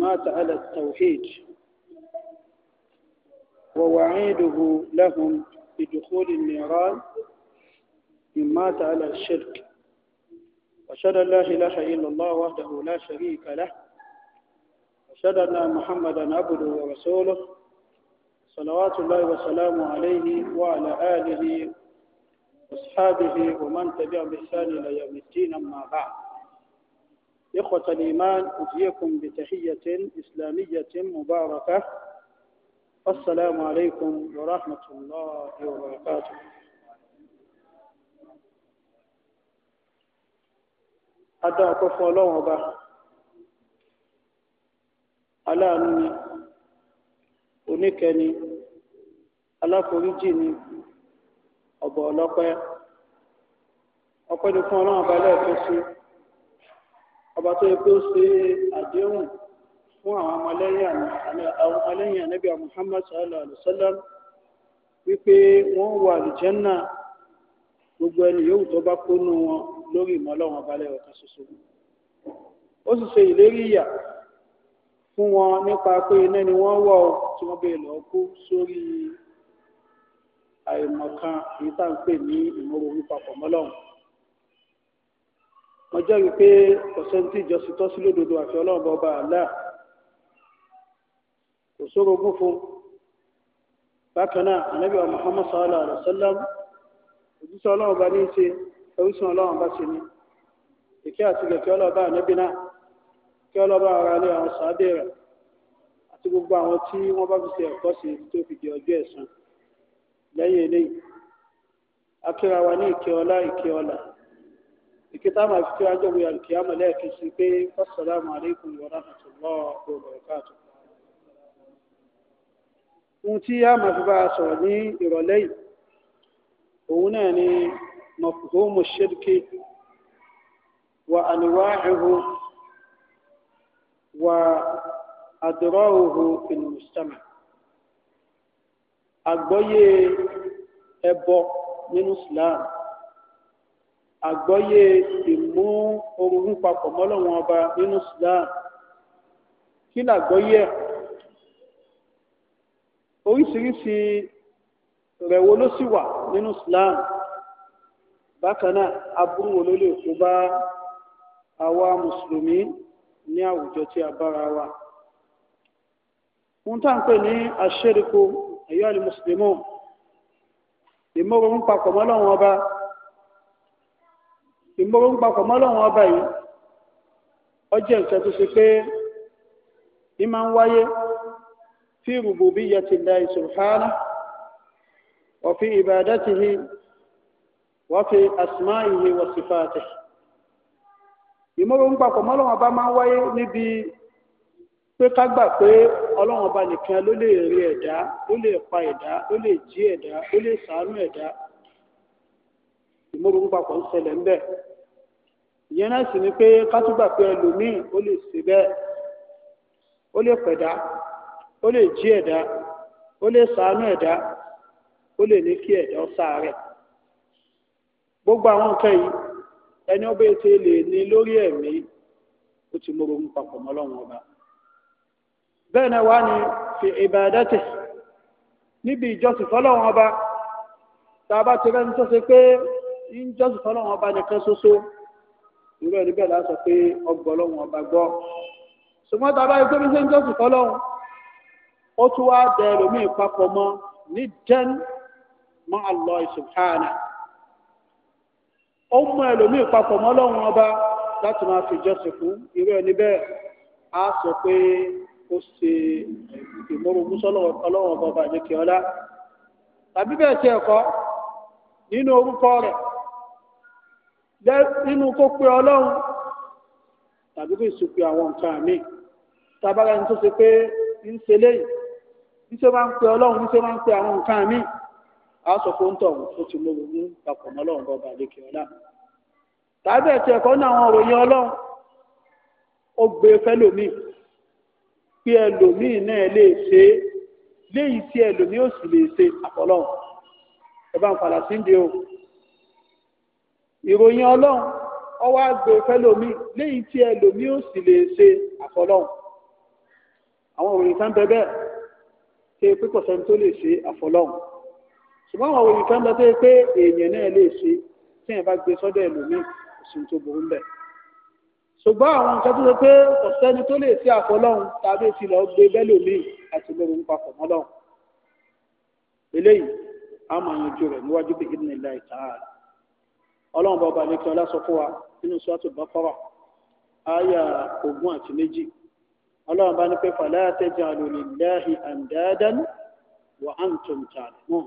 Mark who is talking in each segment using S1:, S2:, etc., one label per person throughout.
S1: مات على التوحيد ووعيده لهم بدخول النيران من مات على الشرك أشهد أن لا إله إلا الله وحده لا شريك له أشهد أن محمدا عبده ورسوله صلوات الله وسلامه عليه وعلى آله وأصحابه ومن تبع بإحسان إلى يوم الدين أما بعد إخوة الإيمان أحييكم بتحية إسلامية مباركة السلام عليكم ورحمة الله وبركاته adá ọkọ fún Ọlọ́run ọba aláàánú ni oníkẹni aláforíjì ni ọbọ ọlọpẹ ọpẹ́ ni fún Ọlọ́run ọba lẹ́ẹ̀kẹsí ọba tó yẹ pé ó ṣe àdéhùn fún àwọn ọmọlẹ́yìn ànábì Muhammad sallallahu alayhi wa sallam wípé wọ́n wà àlùjẹ́nà gbogbo ẹni yòówù tó bá kónú wọn lórí ìmọ̀ Ọlọ́run abalẹ̀ ọ̀kan ṣoṣo ó sì ṣe ìlérí ìyà fún wọn nípa pé iná ni wọ́n wọ̀ tí wọ́n bèè lọ kú sórí àìmọ̀kan èyí tá à ń pè ní ìmọ̀ròwú papọ̀ mọ́lọ́run mo jẹ́rìí pé ọ̀sẹ̀ tí ìjọsìn tọ́ sí lódodo àfi ọlọ́run ọba àlá kò sórogún fún bákan náà ànábì wa muhammad sallallahu alaihi wa sallam òjíṣẹ́ ọlọ́run ọba ní í ṣe ẹrúsìn ọlọ́run ọba ṣe ni ìkẹ́ àtìlẹ̀ kí ọlọ́ba ànábì náà kí ọlọ́ba ara lé àwọn sàádé rẹ̀ àti gbogbo àwọn tí wọ́n bá fi ṣe ẹ̀kọ́ sí tó fi di ọjọ́ ẹ̀san lẹ́yìn eléyìí akíra wa ní ìkẹ́ ọlá ìkẹ́ ọlà الكتاب في fi kíra jọ̀wé àlùkìyàmọ̀ lẹ́ẹ̀kan sí pé assalamu alaikum wa rahmatullahi wa barakatuh. ohun tí a máa fi bá a sọ̀rọ̀ ní ìrọ̀lẹ́ yìí òun náà ni mafhumu shirki wa anwa'uhu wa adra'uhu fil mujtama àgbọ́yé ẹbọ nínú Islam àgbọ́yé ìmú orogún papọ̀ mọ́lọ́wọ́n ọba nínú Islam kí làgbọ́yé ẹ̀ oríṣiríṣi rẹ̀ wo ló sì wà nínú Islam bákan náà aburú wo ló lè kó bá àwa mùsùlùmí ní àwùjọ tí a bára wa ohun tá à ń pè ní àṣẹ́ríkò ẹ̀yọ́ àlè mùsùlùmí ìmọ̀ orogún papọ̀ mọ́lọ́wọ́n ọba. ìmọ̀rún papọ̀ mọ́lọ́wọ́n ọba yìí ọjọ́ nǹkan tó ṣe pé ní máa ń wáyé fi rububiyyatillahi subhanahu wa fi ibadatihi wa fi asma'ihi wa sifatihi ìmọ̀rún papọ̀ mọ́lọ́wọ́n ọba máa ń wáyé níbi pé ká gbà pé ọba nìkan ló lè rí ẹ̀dá lè pa ẹ̀dá lè jí ẹ̀dá lè ẹ̀dá ń ṣẹlẹ̀ ìyẹn náà sì ni pé kátúgbà pé ẹlòmíì ó lè ṣe bẹ́ẹ̀ ó lè pẹ̀dá ó lè jí ẹ̀dá ó lè ṣàánú ẹ̀dá ó lè ní kí ẹ̀dá ó ṣàárẹ̀ gbogbo àwọn nǹkan yìí ẹni ọba ètò ilé ní lórí ẹ̀mí ó ti mú ogun papọ̀ mọ́ Ọlọ́run ọba bẹ́ẹ̀ náà wá ní fi ìbádàtẹ̀ níbi ìjọsìn fọ́lọ́run ọba tá a bá ti rẹ́ni tó ṣe pé ń jọ́sìn ọba nìkan ṣoṣo irú ẹni bẹ́ẹ̀ láti sọ pé ọgbọ́n lọ́wọ́n ọba gbọ́ ṣùgbọ́n tá a bá yẹ pé bí ṣe ń jọ́sìn kọ́ lọ́hùn ó tún wá dẹ ẹlòmíì papọ̀ mọ́ ní dẹ́n mọ́ àlọ́ ìṣùkánà ó mú ẹlòmíì papọ̀ mọ́ lọ́wọ́n ọba láti máa fi jọ́sìn fún irú ẹni bẹ́ẹ̀ á sọ pé ó ṣe ìmọ̀rògún sọ́lọ́wọ́ ọlọ́wọ́ ọba àjẹkẹ́ ọlá tàbí bẹ́ẹ̀ tiẹ̀ kọ́ nínú orúkọ rẹ̀ nínú kó pe ọlọ́run tàbí kó ìsopè àwọn nǹkan mi tábàrà ní tó ṣe pé ń ṣe léyìí bí ṣe máa ń pe ọlọ́run bí ṣe máa ń pe àwọn nǹkan mi a sọ fún tọ̀hún ó ti mú ronú papọ̀ mọ́ ọlọ́run bọ́ba lékè ọlá tàbí ẹ̀tì ẹ̀kọ́ ní àwọn òròyìn ọlọ́run ó gbé e fẹ́lòmíì pé ẹlòmíì náà lè ṣe é léyìí tí ẹlòmíì ò sì lè ṣe àpọ̀lọ́run ẹ bá ń padà ń de o ìròyìn ọlọ́run ọwọ́ àgbè fẹ́lòmí léyìí tí ẹlòmí ò sì lè ṣe àfọlọ́run àwọn òròyìn kan bẹ bẹ́ẹ̀ ṣe pé kò sẹ́ni tó lè ṣe àfọlọ́run ṣùgbọ́n àwọn òròyìn kan bẹ tó yẹ pé èèyàn náà lè ṣe tí èèyàn bá gbé sọ́dọ̀ ẹlòmí òsùn tó burú bẹ̀ ṣùgbọ́n àwọn nǹkan tó yẹ pé kò sẹ́ni tó lè ṣe àfọlọ́run tàbí ti lọ gbé bẹ́lòmí àti lórí papọ̀ mọ́lọ́run eléyìí a máa yanjú rẹ̀ níwájú bí ìdílé láì tààrà ọlọ́run bọba lè kí ọlá sọ fún wa nínú sọ́ọ̀tù bọ́kọ́rọ̀ àyà ogún àti méjì ọlọ́run bá ní pé fala taj'alu lillahi andadan wa antum ta'lamun.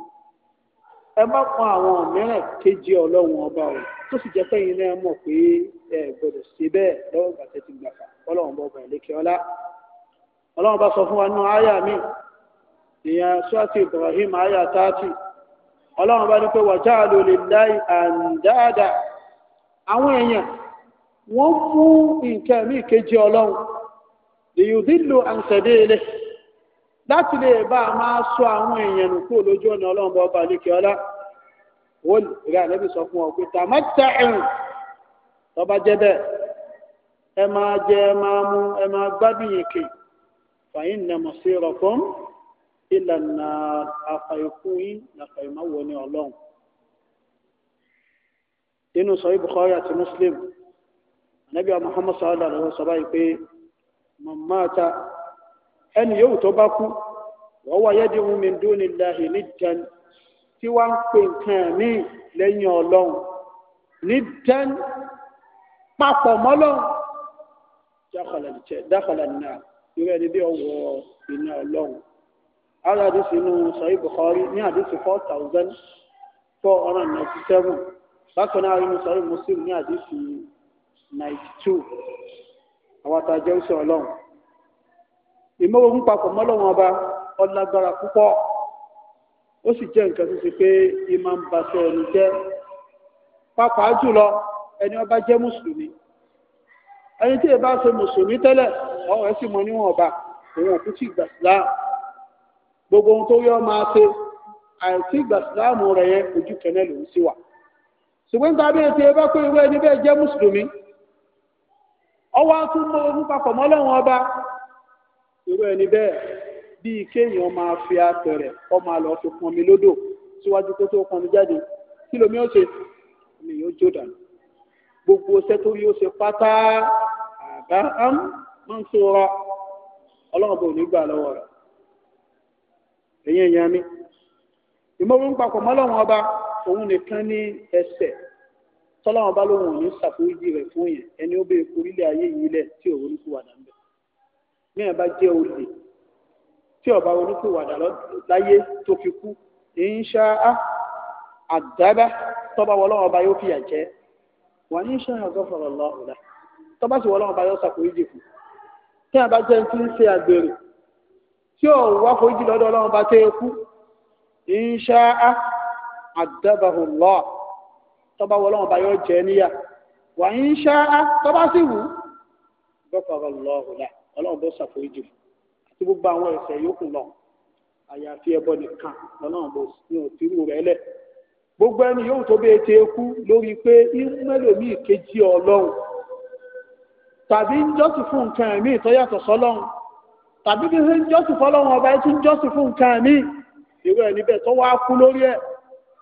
S1: ẹ bá kan àwọn mìíràn kejì ọlọ́run ọba o tó sì jẹ́ pé yín náà bá sọ fún wa nínú àyà mi ìyẹn sọ́ọ̀tù Ibrahim àyà 30 ọlọ́run bá ní pé wà jáàlú lè láì àǹdáàdà àwọn èèyàn wọ́n mú nǹkan mí kejì ọlọ́run lèyùdílò àǹsẹ̀dé ilé láti lè bá a máa sọ àwọn èèyàn nù kúrò lójú ọ̀nà ọlọ́run bá ọba àlékè ọlá wọ́n rí àlẹ́bí sọ fún ọ pé tàmátà ẹ̀rùn tọ́ba jẹ́ bẹ́ẹ̀ ẹ máa jẹ ẹ máa mú ẹ máa gbádùn yìí kì fàyín nàmọ̀ sí rọ̀ fún ìlànà afa ikú yín nàfà ìmáwọ ní ọlọ́run nínú sọ̀rọ̀ Bukhari àti Muslim anabi Muhammad sallallahu alaihi wa sallam pé mọ̀mọ́ta ẹni yóò tó bá kú wọ́n wá yẹ́dí ohun mi dún ní láhì niddan bí ọwọ́ iná ọlọ́run ara àdìsí inú sọ̀rọ̀ Bukhari ni àdìsí four thousand four hundred ninety seven bákan náà inú sọ̀rọ̀ Muslim ni àdìsí ninety two àwọn àtàjẹ́ òsì ọlọ́run ìmọ̀wògún papọ̀ mọ́lọ́wọ́n ọba ọlágbára púpọ̀ ó sì jẹ́ nǹkan tó ṣe pé ìmọ̀ ń ba sọ ẹni jẹ́ pàápàá jùlọ ẹni ọba jẹ́ mùsùlùmí ẹni tí ì bá ṣe mùsùlùmí tẹ́lẹ̀ ọ̀rọ̀ sì mọ níwọ̀n ọba òun òkú tí ìgbà sílá gbogbo ohun tó yọ máa ṣe àìsí ìgbà síláàmù rẹ̀ yẹn ojú kẹ̀nẹ́ ló ń sí wa ṣùgbọ́n tàbí ètò ẹbá pé ìwé ẹni bẹ́ẹ̀ jẹ́ mùsùlùmí ọwọ́ tún mọ ogun papọ̀ mọ́lọ́wọ́n ọba ìwé ẹni bẹ́ẹ̀ bíi kéèyàn máa fi apẹ̀rẹ̀ kọ́ máa lọ fi pọnmi lódò síwájú kó tó pọnmi jáde kí lomi ó ṣe omi yóò jó dànù gbogbo iṣẹ́ tó yóò ṣe pátá àbá am máa ń sọ̀rọ̀ ọlọ́run bò ní gbà lọ́wọ́ rẹ̀ ẹ̀yin ẹ̀yàn mi ìmọ̀rún papọ̀ mọ́lọ́wọ́n ọba òun nìkan ní ẹsẹ̀ tọ́lọ́wọ́n bá lóun ò ní ṣàforíjì rẹ̀ fún yẹn ẹni ó bèèrè orílẹ̀ ayé yìí lẹ̀ tí ò ronúkúwàdà ń bẹ̀ ní ẹ̀ bá jẹ́ olè tí ọba ronúkúwàdà láyé tó fi kú ìṣá àdábá tọ́ba wọlọ́wọ́n ọba yóò fìyà jẹ́ wà ní ìṣá àgọ́fọ̀rọ̀ lọ́ọ̀lá tọ́ba sì wọlọ́wọ́n ọba yóò ṣàforíjì fún tí a bá jẹ́ ti ń ṣe àgbèrè tí ò wá foríjì lọ́dọ̀ ọlọ́run bá tẹ́ kú ìṣá àdábàhùlọ́ tọ́ba wọ ọlọ́run bá yọ jẹ níyà wà ìṣá tọ́ba sì wù bọ́kọ̀rọ̀ lọ́ọ̀rùlá ọlọ́run bó ṣàforíjì àti gbogbo àwọn ẹ̀ṣẹ̀ yòókù lọ àyàfi ẹbọ nìkan ọlọ́run bó ní òtírù rẹ̀ lẹ̀ gbogbo ẹni yóò tó bẹ́ẹ̀ tẹ́ kú lórí pé mẹ́lòmíì kejì ọlọ́run tàbí ń jọ́sìn fún nǹkan ẹ̀mí ìtọ́yàtọ̀ sọ́lọ́run tàbí bí ṣe ń jọ́sìn fọ́lọ́run ọba ẹ tún fún nǹkan mi irú ẹ̀ tó wá kú lórí ẹ̀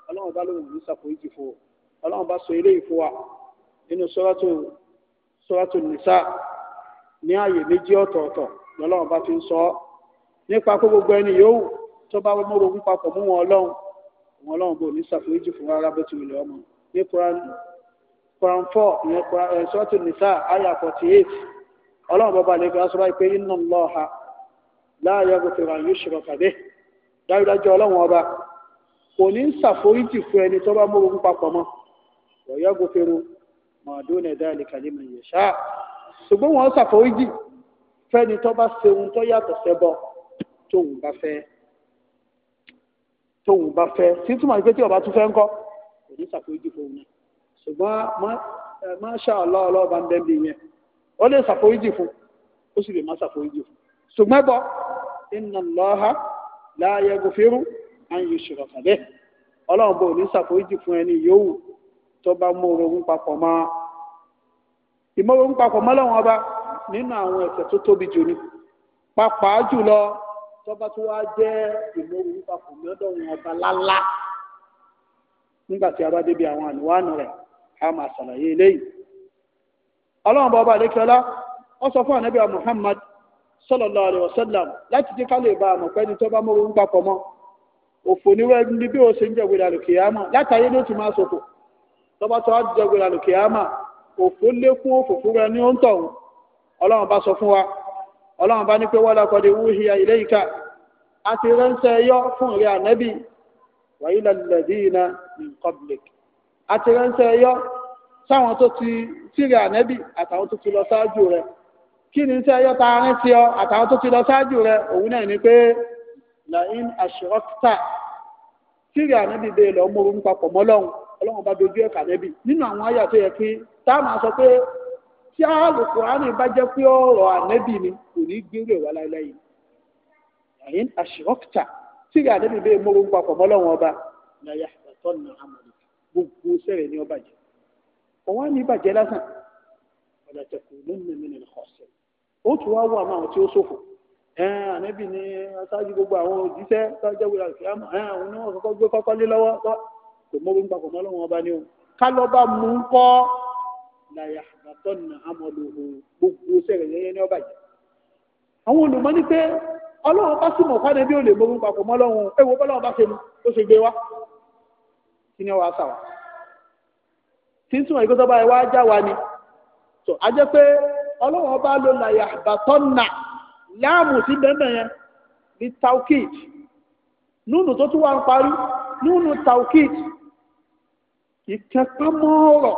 S1: ọlọ́run bá lóhùn ní sàkóyìí fún ọlọ́run bá sọ eléyìí fún wa nínú sọ́rọ́tò sọ́rọ́tò nìsá ní ààyè méjì ọ̀tọ̀ọ̀tọ̀ lọ́lọ́run bá fi ń sọ ọ́ nípa pé gbogbo ẹni yòówù tó bá wọ́n mọ́rọ̀ ogún papọ̀ mú wọn ọlọ́run wọn ọlọ́run bò ní sàkóyìí fún wa rárá bó ti wùlẹ̀ ọmọ ní Quran Quran ìyẹn Quran eh, sọ́rọ́tò nìsá àyà forty eight ọlọ́run bá balẹ̀ fi aṣọ báyìí pé inna Allaha láàyè gbèsèrè àyè ṣòro kàdé dájúdájú ọlọ́run ọba kò ní ṣàforíjì fún ẹni tó bá mórogún papọ̀ mọ́ ọ̀yọ́ gbèsèrè màdún ẹ̀dá ìlẹ̀kàlẹ̀ mẹ̀yẹ̀ ṣá ṣùgbọ́n wọ́n ṣàforíjì fẹ́ni tó bá ṣe ohun tó yàtọ̀ sẹ́bọ tóun bá fẹ́ tóun bá fẹ́ sí túmọ̀ sí pé tí ọba tún fẹ́ ń kọ́ kò ní ṣàforíjì fún òun náà ṣùgbọ́n máṣá ń bẹ́ẹ̀ bí yẹn ó lè ṣàforíjì fún ó sì lè má ṣàforíjì fún ṣùgbọ́n bọ́ inna Allaha la yaghfiru an yushraka bihi ọlọ́run bò ní ṣàforíjì fún ẹni yòówù tó bá mú orogún papọ̀ I ma papọ̀ mọ́ lọ́wọ́n ọba wọn ọba lálá nígbà tí a bá débi àwọn àlùwánù rẹ̀ a salaye ṣàlàyé eléyìí ọba àlékiọlá Muhammad sallallahu alaihi wasallam láti jẹ́ ká lè bá àmọ̀ pẹ́ni tó bá mọ́rọ̀ ń papọ̀ mọ́ òfò níwẹ̀ ní bí ó ṣe ń jẹ̀gbẹ̀rẹ̀ àlùkìyàmà látàyé ló ti máa sọ̀kò tọ́ba tó á jẹ̀gbẹ̀rẹ̀ àlùkìyàmà òfò lékún òfò fúnra ní òun tọ̀hún ọlọ́run bá sọ fún wa ọlọ́run bá ní pé wọ́n lakọ̀ de wúhìyà ilayka a ti ránṣẹ́ yọ fún ìrẹ́ ànábì wa ila alladhina a ti ránṣẹ́ yọ sáwọn tó ti tìrẹ ànábì àtàwọn tó ti lọ sáájú rẹ̀ kí ni iṣẹ́ ayọ́ta arín sí ọ àtàwọn tó ti lọ ṣáájú rẹ òun náà ni pé lain ashirokta sírí ànábì bẹ́ẹ̀ lọ mú orun papọ̀ mọ́lọ́hun ọlọ́run bá dojú ẹ̀ka nẹ́bì nínú àwọn àyà tó yẹ pé tá a máa sọ pé tí Al-Kùránì bá jẹ́ pé ọ̀rọ̀ ànábì ni kò ní gbérò wá láéláé lain ashirokta sírí ànábì bẹ́ẹ̀ mú orun papọ̀ mọ́lọ́hun ọba láyà àtọ́ nà ní ọbàjẹ́ ó tún wá wà náà tí ó ṣòfò ànábì ní aṣáájú gbogbo àwọn òjíṣẹ́ sáájẹ́ wíra ìfìyàmọ̀ àwọn ní wọ́n kọ́kọ́ gbé kọ́kọ́ lé lọ́wọ́ kò mọ́ bí ń papọ̀ mọ́ lọ́wọ́ ọba ní o ká lọ́ bá mú ń kọ́ láyà àgbàtọ́ nà ámọ́lò gbogbo sẹ́rẹ̀ yẹn ní ọba yìí àwọn olùmọ́ ní pé ọlọ́run bá sì mọ̀ fáde bí ó lè mọ́ bí ń papọ̀ mọ́ lọ́wọ́ ẹ wo bá ṣe ọlọ́run bá ló la yàbàtọ́nà láàmù sí bẹ́ẹ̀ yẹn ní taukid núnù tó tún wà ń parí núnù taukid ìkẹpẹ́mọ́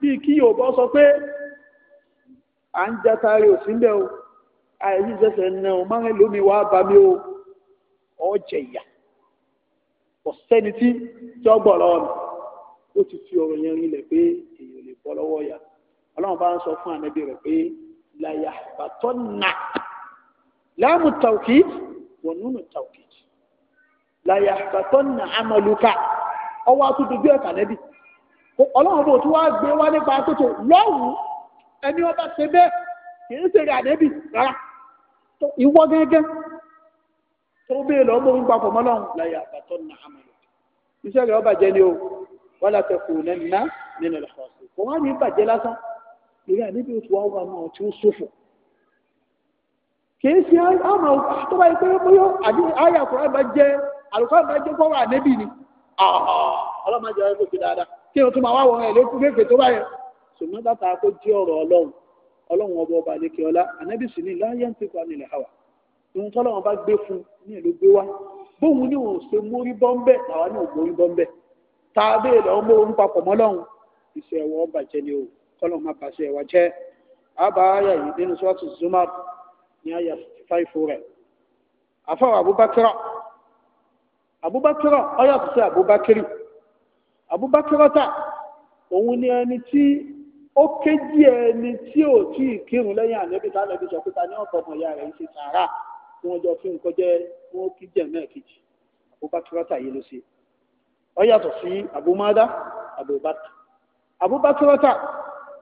S1: bíi kí sọ pé à ń jatari òsínbẹ́ o àìsí sẹsẹ nà ọ máa ń lómi wá bá o ìyà ọ̀sẹ́ni tí tí ọgbọ̀n lọ́wọ́ mi ó ti fi ọ̀rọ̀ yẹn rinlẹ̀ pé èèyàn lè bọ́ lọ́wọ́ ọlọ́run bá ń sọ fún ànábì rẹ̀ pé láyà bàtọ́ nà láàmù tawkid wọnúnù tawkid láyà bàtọ́ nà amaluka ọwọ́ àtúndójú ẹ̀ka nẹ́bí ọlọ́run bò tí wàá gbé wá nípa tótó lọ́wọ́ ẹni ọba ṣe bẹ́ẹ̀ kì í ṣeré ànẹ́bì rárá ìwọ gẹ́gẹ́ tó bẹ́ẹ̀ lọ́mọ ń papọ̀ mọ́lọ́run láyà bàtọ́ nà amaluka iṣẹ́ rẹ̀ ọba jẹ́ ni o wọ́n lọ́ọ́ tẹ̀kù lẹ́nu nínú ìlànà kò wá ní ìbàjẹ́ lásán ìrẹ́ níbi oṣù ọwọ́ náà tí ó ṣòfò kìí ṣe àmà tó bá yẹ pé bóyá àyà àkùrá bá jẹ àlùkò bá jẹ kọ́wọ́ ànẹ́bì ni ọlọ́mọdé tó fi dáadáa kí o tún máa wá wọn ọba ọba ọlá sì ni láyé ń àwà bá gbé fún ní ìlú gbé wá bóun ṣe mórí bọ́ńbẹ́ mórí bọ́ńbẹ́ tá a bẹ́ẹ̀ mọ́ ìṣẹ̀wọ̀ kọ́lọ̀ má bàṣẹ wa jẹ́ àbá àyà yìí nínú sọ́ọ̀tù Zumar ní àyà fáìfù rẹ̀ àfọwọ́ Abubakar Abubakar ọyàtọ̀ sí Abubakar Abubakar ta òun ni ẹni tí ó ké díẹ̀ ẹni tí ò tí ì kírun lẹ́yìn ànẹ́bí tá ànẹ́bí sọ pé ta ní ọ̀pọ̀ ọmọ ìyá rẹ̀ ń ṣe sàárà tí wọ́n jọ fi nǹkan jẹ́ wọ́n kí jẹ́ mẹ́ẹ̀kejì abubakarata yìí ló ṣe ọ sí abumada abubakar abubakarata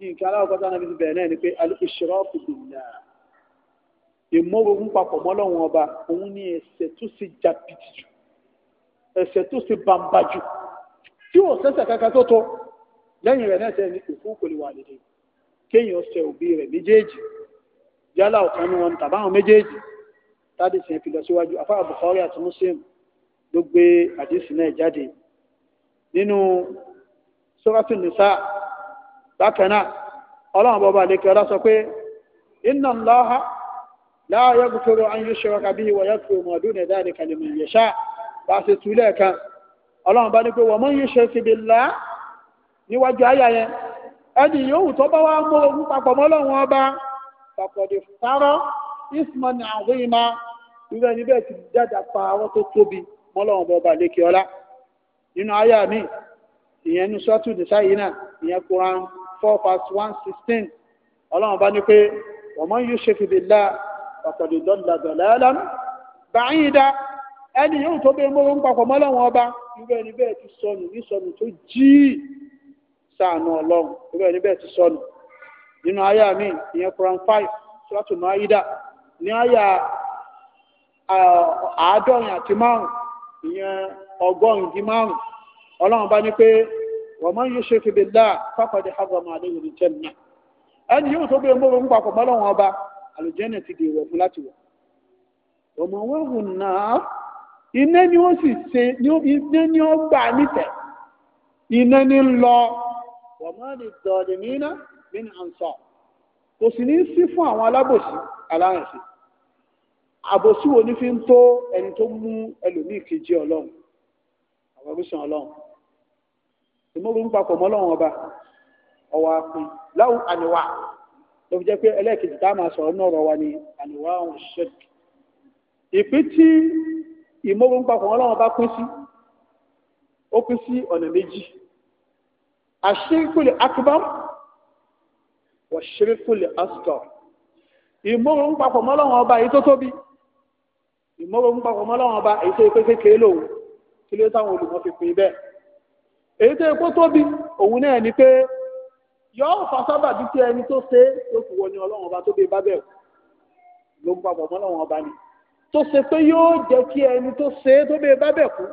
S1: nǹkan aláwọ̀kọ́tà náà fi bẹ̀rẹ̀ ni pé al-ishraku billah ìmọ̀wògún papọ̀ mọ́lọ́wọ́n ọba òun ni ẹ̀ṣẹ̀ tó ṣe jàpìtì jù ẹ̀ṣẹ̀ tó ṣe bàǹbà jù tí ò sẹ́ṣẹ̀ kankan tó tó lẹ́yìn rẹ̀ náà ṣe ni òkú kò lè wà lédè kéèyàn ṣẹ̀ òbí rẹ̀ méjèèjì yálà ọ̀kan ni wọn tàbáwọn méjèèjì tádì sìn fi lọ síwájú afá Bukhari àti Muslim ló gbé àdìsí náà jáde nínú Suratul Nisa bákan náà ọlọ́run bọ́ba àlekẹ́ sọ pé inna Allaha la yaghfiru an yushraka bihi wa yaghfiru ma duna dhalika liman bá a ṣe túlẹ̀ kan ọlọ́run bá ní pé wa man níwájú yẹn ẹni tó bá wá mú ogun papọ̀ ọba four past one sixteen ọlọ́run bá ní pé ọmọ yóò ṣe fìdí lá ọ̀pọ̀lọpọ̀ dọ́là dọ̀là lánà báyìí dá ẹni yóò tó bẹ́ẹ̀ mọ́rún papọ̀ mọ́lọ́run ọba irú ẹni bẹ́ẹ̀ ti sọnù ní sọnù tó jí sàánú ọlọ́run irú ẹni bẹ́ẹ̀ ti sọnù nínú àyà mi ìyẹn Quran five sọ́tù máyídà ní àyà àádọ́rin àti márùn ìyẹn ọgọ́rin dín márùn ọlọ́run bá ní pé wọ́n máa ń yí ṣe fìbí láà fákọ̀dé hazama àdéhùn ní jẹ́nà ẹni yóò tó bí ọmọ ogun papọ̀ mọ́ lọ́wọ́n ọba àlùjẹ́nà ti dèwọ̀ fún láti wọ̀ ọmọ wọn hù náà iná ni ó sì ṣe iná ni ó gbà nítẹ̀ iná ni ń lọ wọ́n máa lè dọ̀ọ̀dẹ̀ níná nínú àǹsọ̀ kò sì ní sí fún àwọn alábòsí alárìnsì àbòsí wo ni fi ń tó ẹni tó mú ẹlòmíì kejì ọlọ́run àwọn ọlọ́run ìmọ̀rún papọ̀ mọ́lọ́wọ́n ọba ọwọ́ apin láwùn àníwá ló fi jẹ́ pé ẹlẹ́ẹ̀kejì tá a máa sọ̀rọ̀ náà rọ̀ wa ni àníwá ọ̀hún ṣẹ́k ìpín tí ìmọ̀rún papọ̀ mọ́lọ́wọ́n ọba pín sí ó pín sí ọ̀nà méjì àṣírìkùlẹ̀ akbar wọ̀ ṣírìkùlẹ̀ asghar ìmọ̀rún papọ̀ mọ́lọ́wọ́n ọba èyí tó tóbi ìmọ̀rún papọ̀ mọ́lọ́wọ́n ọba èyí tó kékeré lòun kí ló táwọn olùmọ̀ fi pín bẹ́ẹ̀ èyí tó epo tóbi òun náà ni pé yọọ fa sábàbí tí ẹni tó ṣe tó fi wọ ni ọlọ́run ọba tó dé bá bẹ̀rù ló ń papọ̀ mọ́ ọlọ́run ọba ni tó ṣe pé yóò jẹ́ kí ẹni tó ṣe tó dé bá bẹ̀rù kú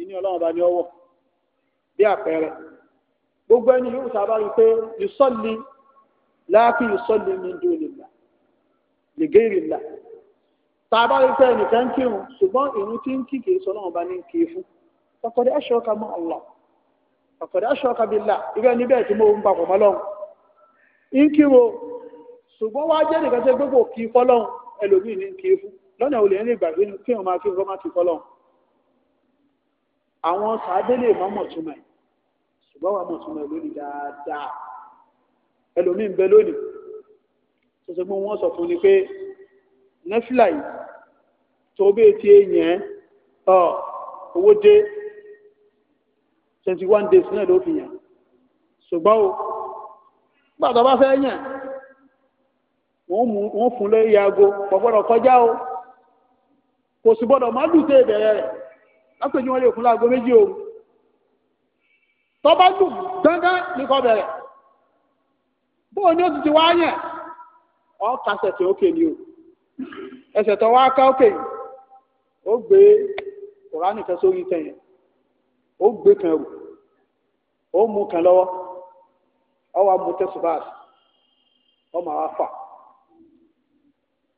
S1: ìní ọlọ́run ọba ni ọwọ́ bí àpẹẹrẹ gbogbo ẹni yóò sábà rí i pé yusọ́lì láàfin yusọ́lì ní dúnilà lẹ́gẹ́rìlà tá rí i pé ẹnìkan kírun ṣùgbọ́n ìrun tí ń kí kì sọ ọlọ́run ọba ní kì í fún kọ́kọ́dé ẹ̀ṣọ́ ká mọ́ ọlọ́run ọ̀kọ̀dá ṣọ́ka bí là irú ẹni bẹ́ẹ̀ tí mo ń papọ̀ mọ́ lọ́hùn ń kíro ṣùgbọ́n wá jẹ́ nìkan tí gbogbo kì í fọ́lọ́hùn ẹlòmíì ní kì í fún lọ́nà olè ń lè gbà kí wọ́n máa fi rọ́ máa ti fọ́lọ́hùn àwọn sàádé lè mọ́ mọ̀túnmọ̀ ẹ̀ ṣùgbọ́n wà mọ̀túnmọ̀ lónìí dáadáa ẹlòmíì ń bẹ lónìí tó ṣe pé sọ fún ni pé nẹ́fìlà yìí tó bẹ́ẹ̀ tí èèyàn ọ̀ owó dé twenty one days náà ló fi yàn ṣùgbọ́n o
S2: gbàdọ̀ bá fẹ́ yàn
S1: wọ́n fún lórí aago kò gbọ́dọ̀ kọjá o kò sì gbọ́dọ̀ má lù tẹ́ ìbẹ̀rẹ̀ rẹ̀ lápèjì wọn lè fún láago méjì o tọ́ba lù dandan ní kó bẹ̀rẹ̀ bóò ní oṣù tí wàá yàn ọ́ kásẹ̀ tí ó kè ní o ẹsẹ̀ tó wá ká òkè yìí ó gbé kòránì kan sórí tẹ̀yìn ó gbé kan rù ó mú kan lọ́wọ́ ọ wá mú tẹ́sùbáàsì ọ m'a wá fà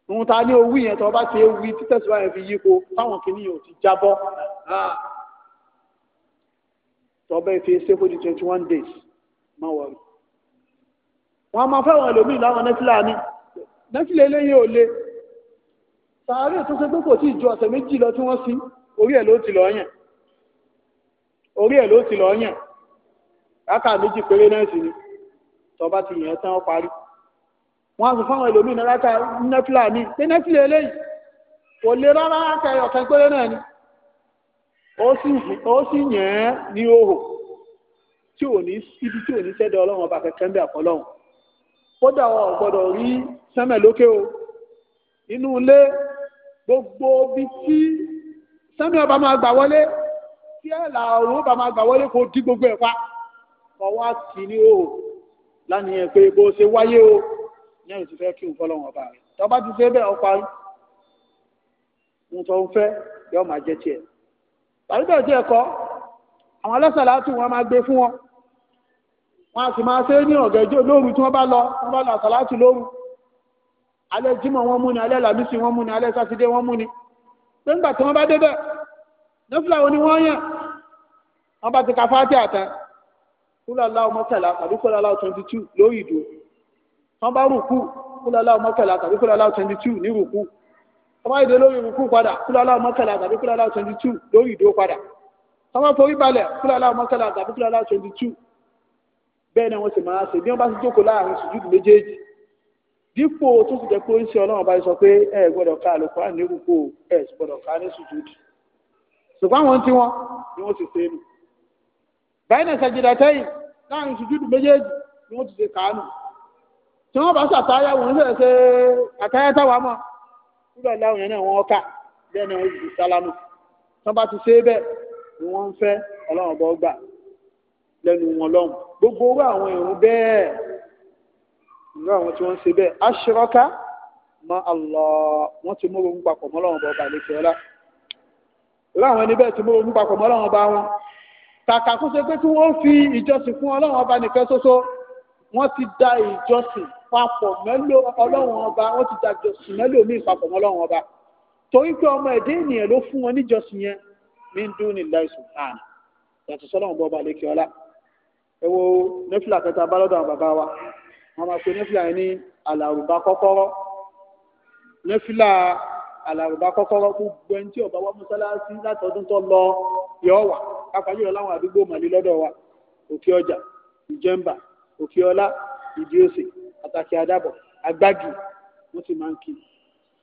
S1: ohun ta ní owó yẹn tó bá ti wí títẹ̀síwá yẹn fi yípo táwọn kìíní yóò ti jábọ́ tó bẹ́ẹ̀ fi ṣe fún di twenty one days má wọrí. wọn máa fẹ́ràn ẹlòmíì láwọn nẹ́fìlà ni nẹ́fìlà eléyìí ò le sàárè tó ṣe pé kò tí ì ju ọ̀sẹ̀ méjì lọ tí wọ́n sí orí ẹ̀ ló ti lọ yẹn orí ẹ̀ ló ti lọ yàn rákà méjì péré náà sì ni tọba ti yàn tán ó parí wọn á sọ fáwọn ẹlòmíín rákà nẹ́fìlà ní pé nẹ́fìlà eléyìí kò lè rárá
S2: rákà ọ̀kan péré náà ni
S1: ó sì yàn án ní òhò tí ò ní síbi tí ò ní sẹ́dọ̀ ọlọ́run ọba kẹ̀kẹ́ ń bẹ̀ àkọlọ́run kódà wọn ò gbọdọ̀ rí sẹ́mẹ̀ lókè o inú ilé gbogbo ibi tí sẹ́mẹ̀ ọba máa gbà wọlé tí ẹ̀ là òun bá máa gbà wọlé kó dí gbogbo ẹ̀ pa ọwọ́ àti ní o lánìyàn pé bó ṣe wáyé o ní ẹ̀rù ti fẹ́ kí n fọlọ́wọ́n ọba rẹ̀ tọ́ba ti ṣe bẹ́ẹ̀ ọpa ń sọ ń fẹ́ yọ máa jẹ tiẹ̀ tàbí bẹ́ẹ̀ tiẹ̀ kọ́ àwọn alásàlá tù wọn máa gbé fún wọn wọn a sì máa ṣe é ní ọ̀gẹ́jọ́ lóru tí wọ́n bá lọ wọ́n bá lọ àsàlá lóru alẹ́ jímọ̀ wọn mú ni alẹ́ làmísì wọn mú ni alẹ́ sátidé wọn mú ni nígbà tí wọ́n bá débẹ̀ nífìlà wo ni wọ́n yàn wọ́n bá ti ka fáti àtàn kúlọ̀lá ọmọkẹ̀lá tàbí kúlọ̀lá twenty two lórí ìdò wọ́n bá rùkú kúlọ̀lá ọmọkẹ̀lá tàbí kúlọ̀lá twenty two ní rùkú wọ́n bá ìdè lórí rùkú padà kúlọ̀lá ọmọkẹ̀lá tàbí kúlọ̀lá twenty two lórí ìdò padà wọ́n bá forí balẹ̀ kúlọ̀lá ọmọkẹ̀lá tàbí kúlọ̀lá twenty two bẹ́ẹ̀ ni wọ́n sì máa ṣe bí wọ́n bá ti jókòó láàrin sùjúdù méjèèjì dípò tó ti jẹ́ pé ó ń ṣe ọlọ́run bá sọ pé ẹ gbọ́dọ̀ ká àlùkò àní rúkú ẹ gbọ́dọ̀ ká ní sùjúdù ṣùgbọ́n àwọn tí wọ́n ni wọ́n ti ṣe é nù báyìí náà sàjìdá tẹ́yìn láàrin sùjúdù méjèèjì ni wọ́n ti ṣe kàánù tí wọ́n bá sàtáyà wọ́n ṣe ṣe àtáyà táwa mọ́ nígbà láwọn yẹn náà wọ́n kà bẹ́ẹ̀ náà wọ́n ti sálámù tí wọ́n bá ti ṣe é bẹ́ẹ̀ ni wọ́n ń fẹ́ ọlọ́run bọ́ gbà lẹ́nu wọn lọ́hùn gbogbo owó àwọn ìrún bẹ́ẹ̀ ìrún àwọn tí wọ́n ṣe bẹ́ẹ̀ aṣọ́ká mọ́ àlọ́ wọ́n ti mú ogun papọ̀ mọ́ ọlọ́run bọ́ gbà lẹ́kẹ́ ọlá ìrún àwọn ẹni bẹ́ẹ̀ ti mú ogun papọ̀ mọ́ ọlọ́run bá wọn kàkà kó ṣe pé kí wọ́n fi ìjọsìn fún ọlọ́run ọba nìkan ṣoṣo wọ́n ti da ìjọsìn papọ̀ mẹ́lò ọlọ́run ọba wọ́n ti da ìjọsìn mẹ́lò míì papọ̀ mọ́ ọlọ́run ọba torí pé ọmọ ẹ̀dẹ́ ènìyàn ló fún wọn níjọsìn yẹn ní dún ní láìsùn náà yàtọ̀ sọ́lọ́run bọ́ ọba lékè ọlá ẹ wo nẹ́fìlà kẹta bá lọ́dọ̀ àwọn bàbá wa wọ́n máa pe nẹ́fìlà yẹn ní àlàrùbá kọ́kọ́rọ́ nẹ́fìlà àlàrùbá kọ́kọ́rọ́ gbogbo ẹni tí ọba wa mọ́sálásí láti ọdún tó lọ yọ wà pàápàájùlọ láwọn àdúgbò màlí lọ́dọ̀ wa òkè ọjà ìjẹmbà òkè ọlá ìdí òsè àtàkì àdàbọ̀ agbági wọ́n ti máa ń kí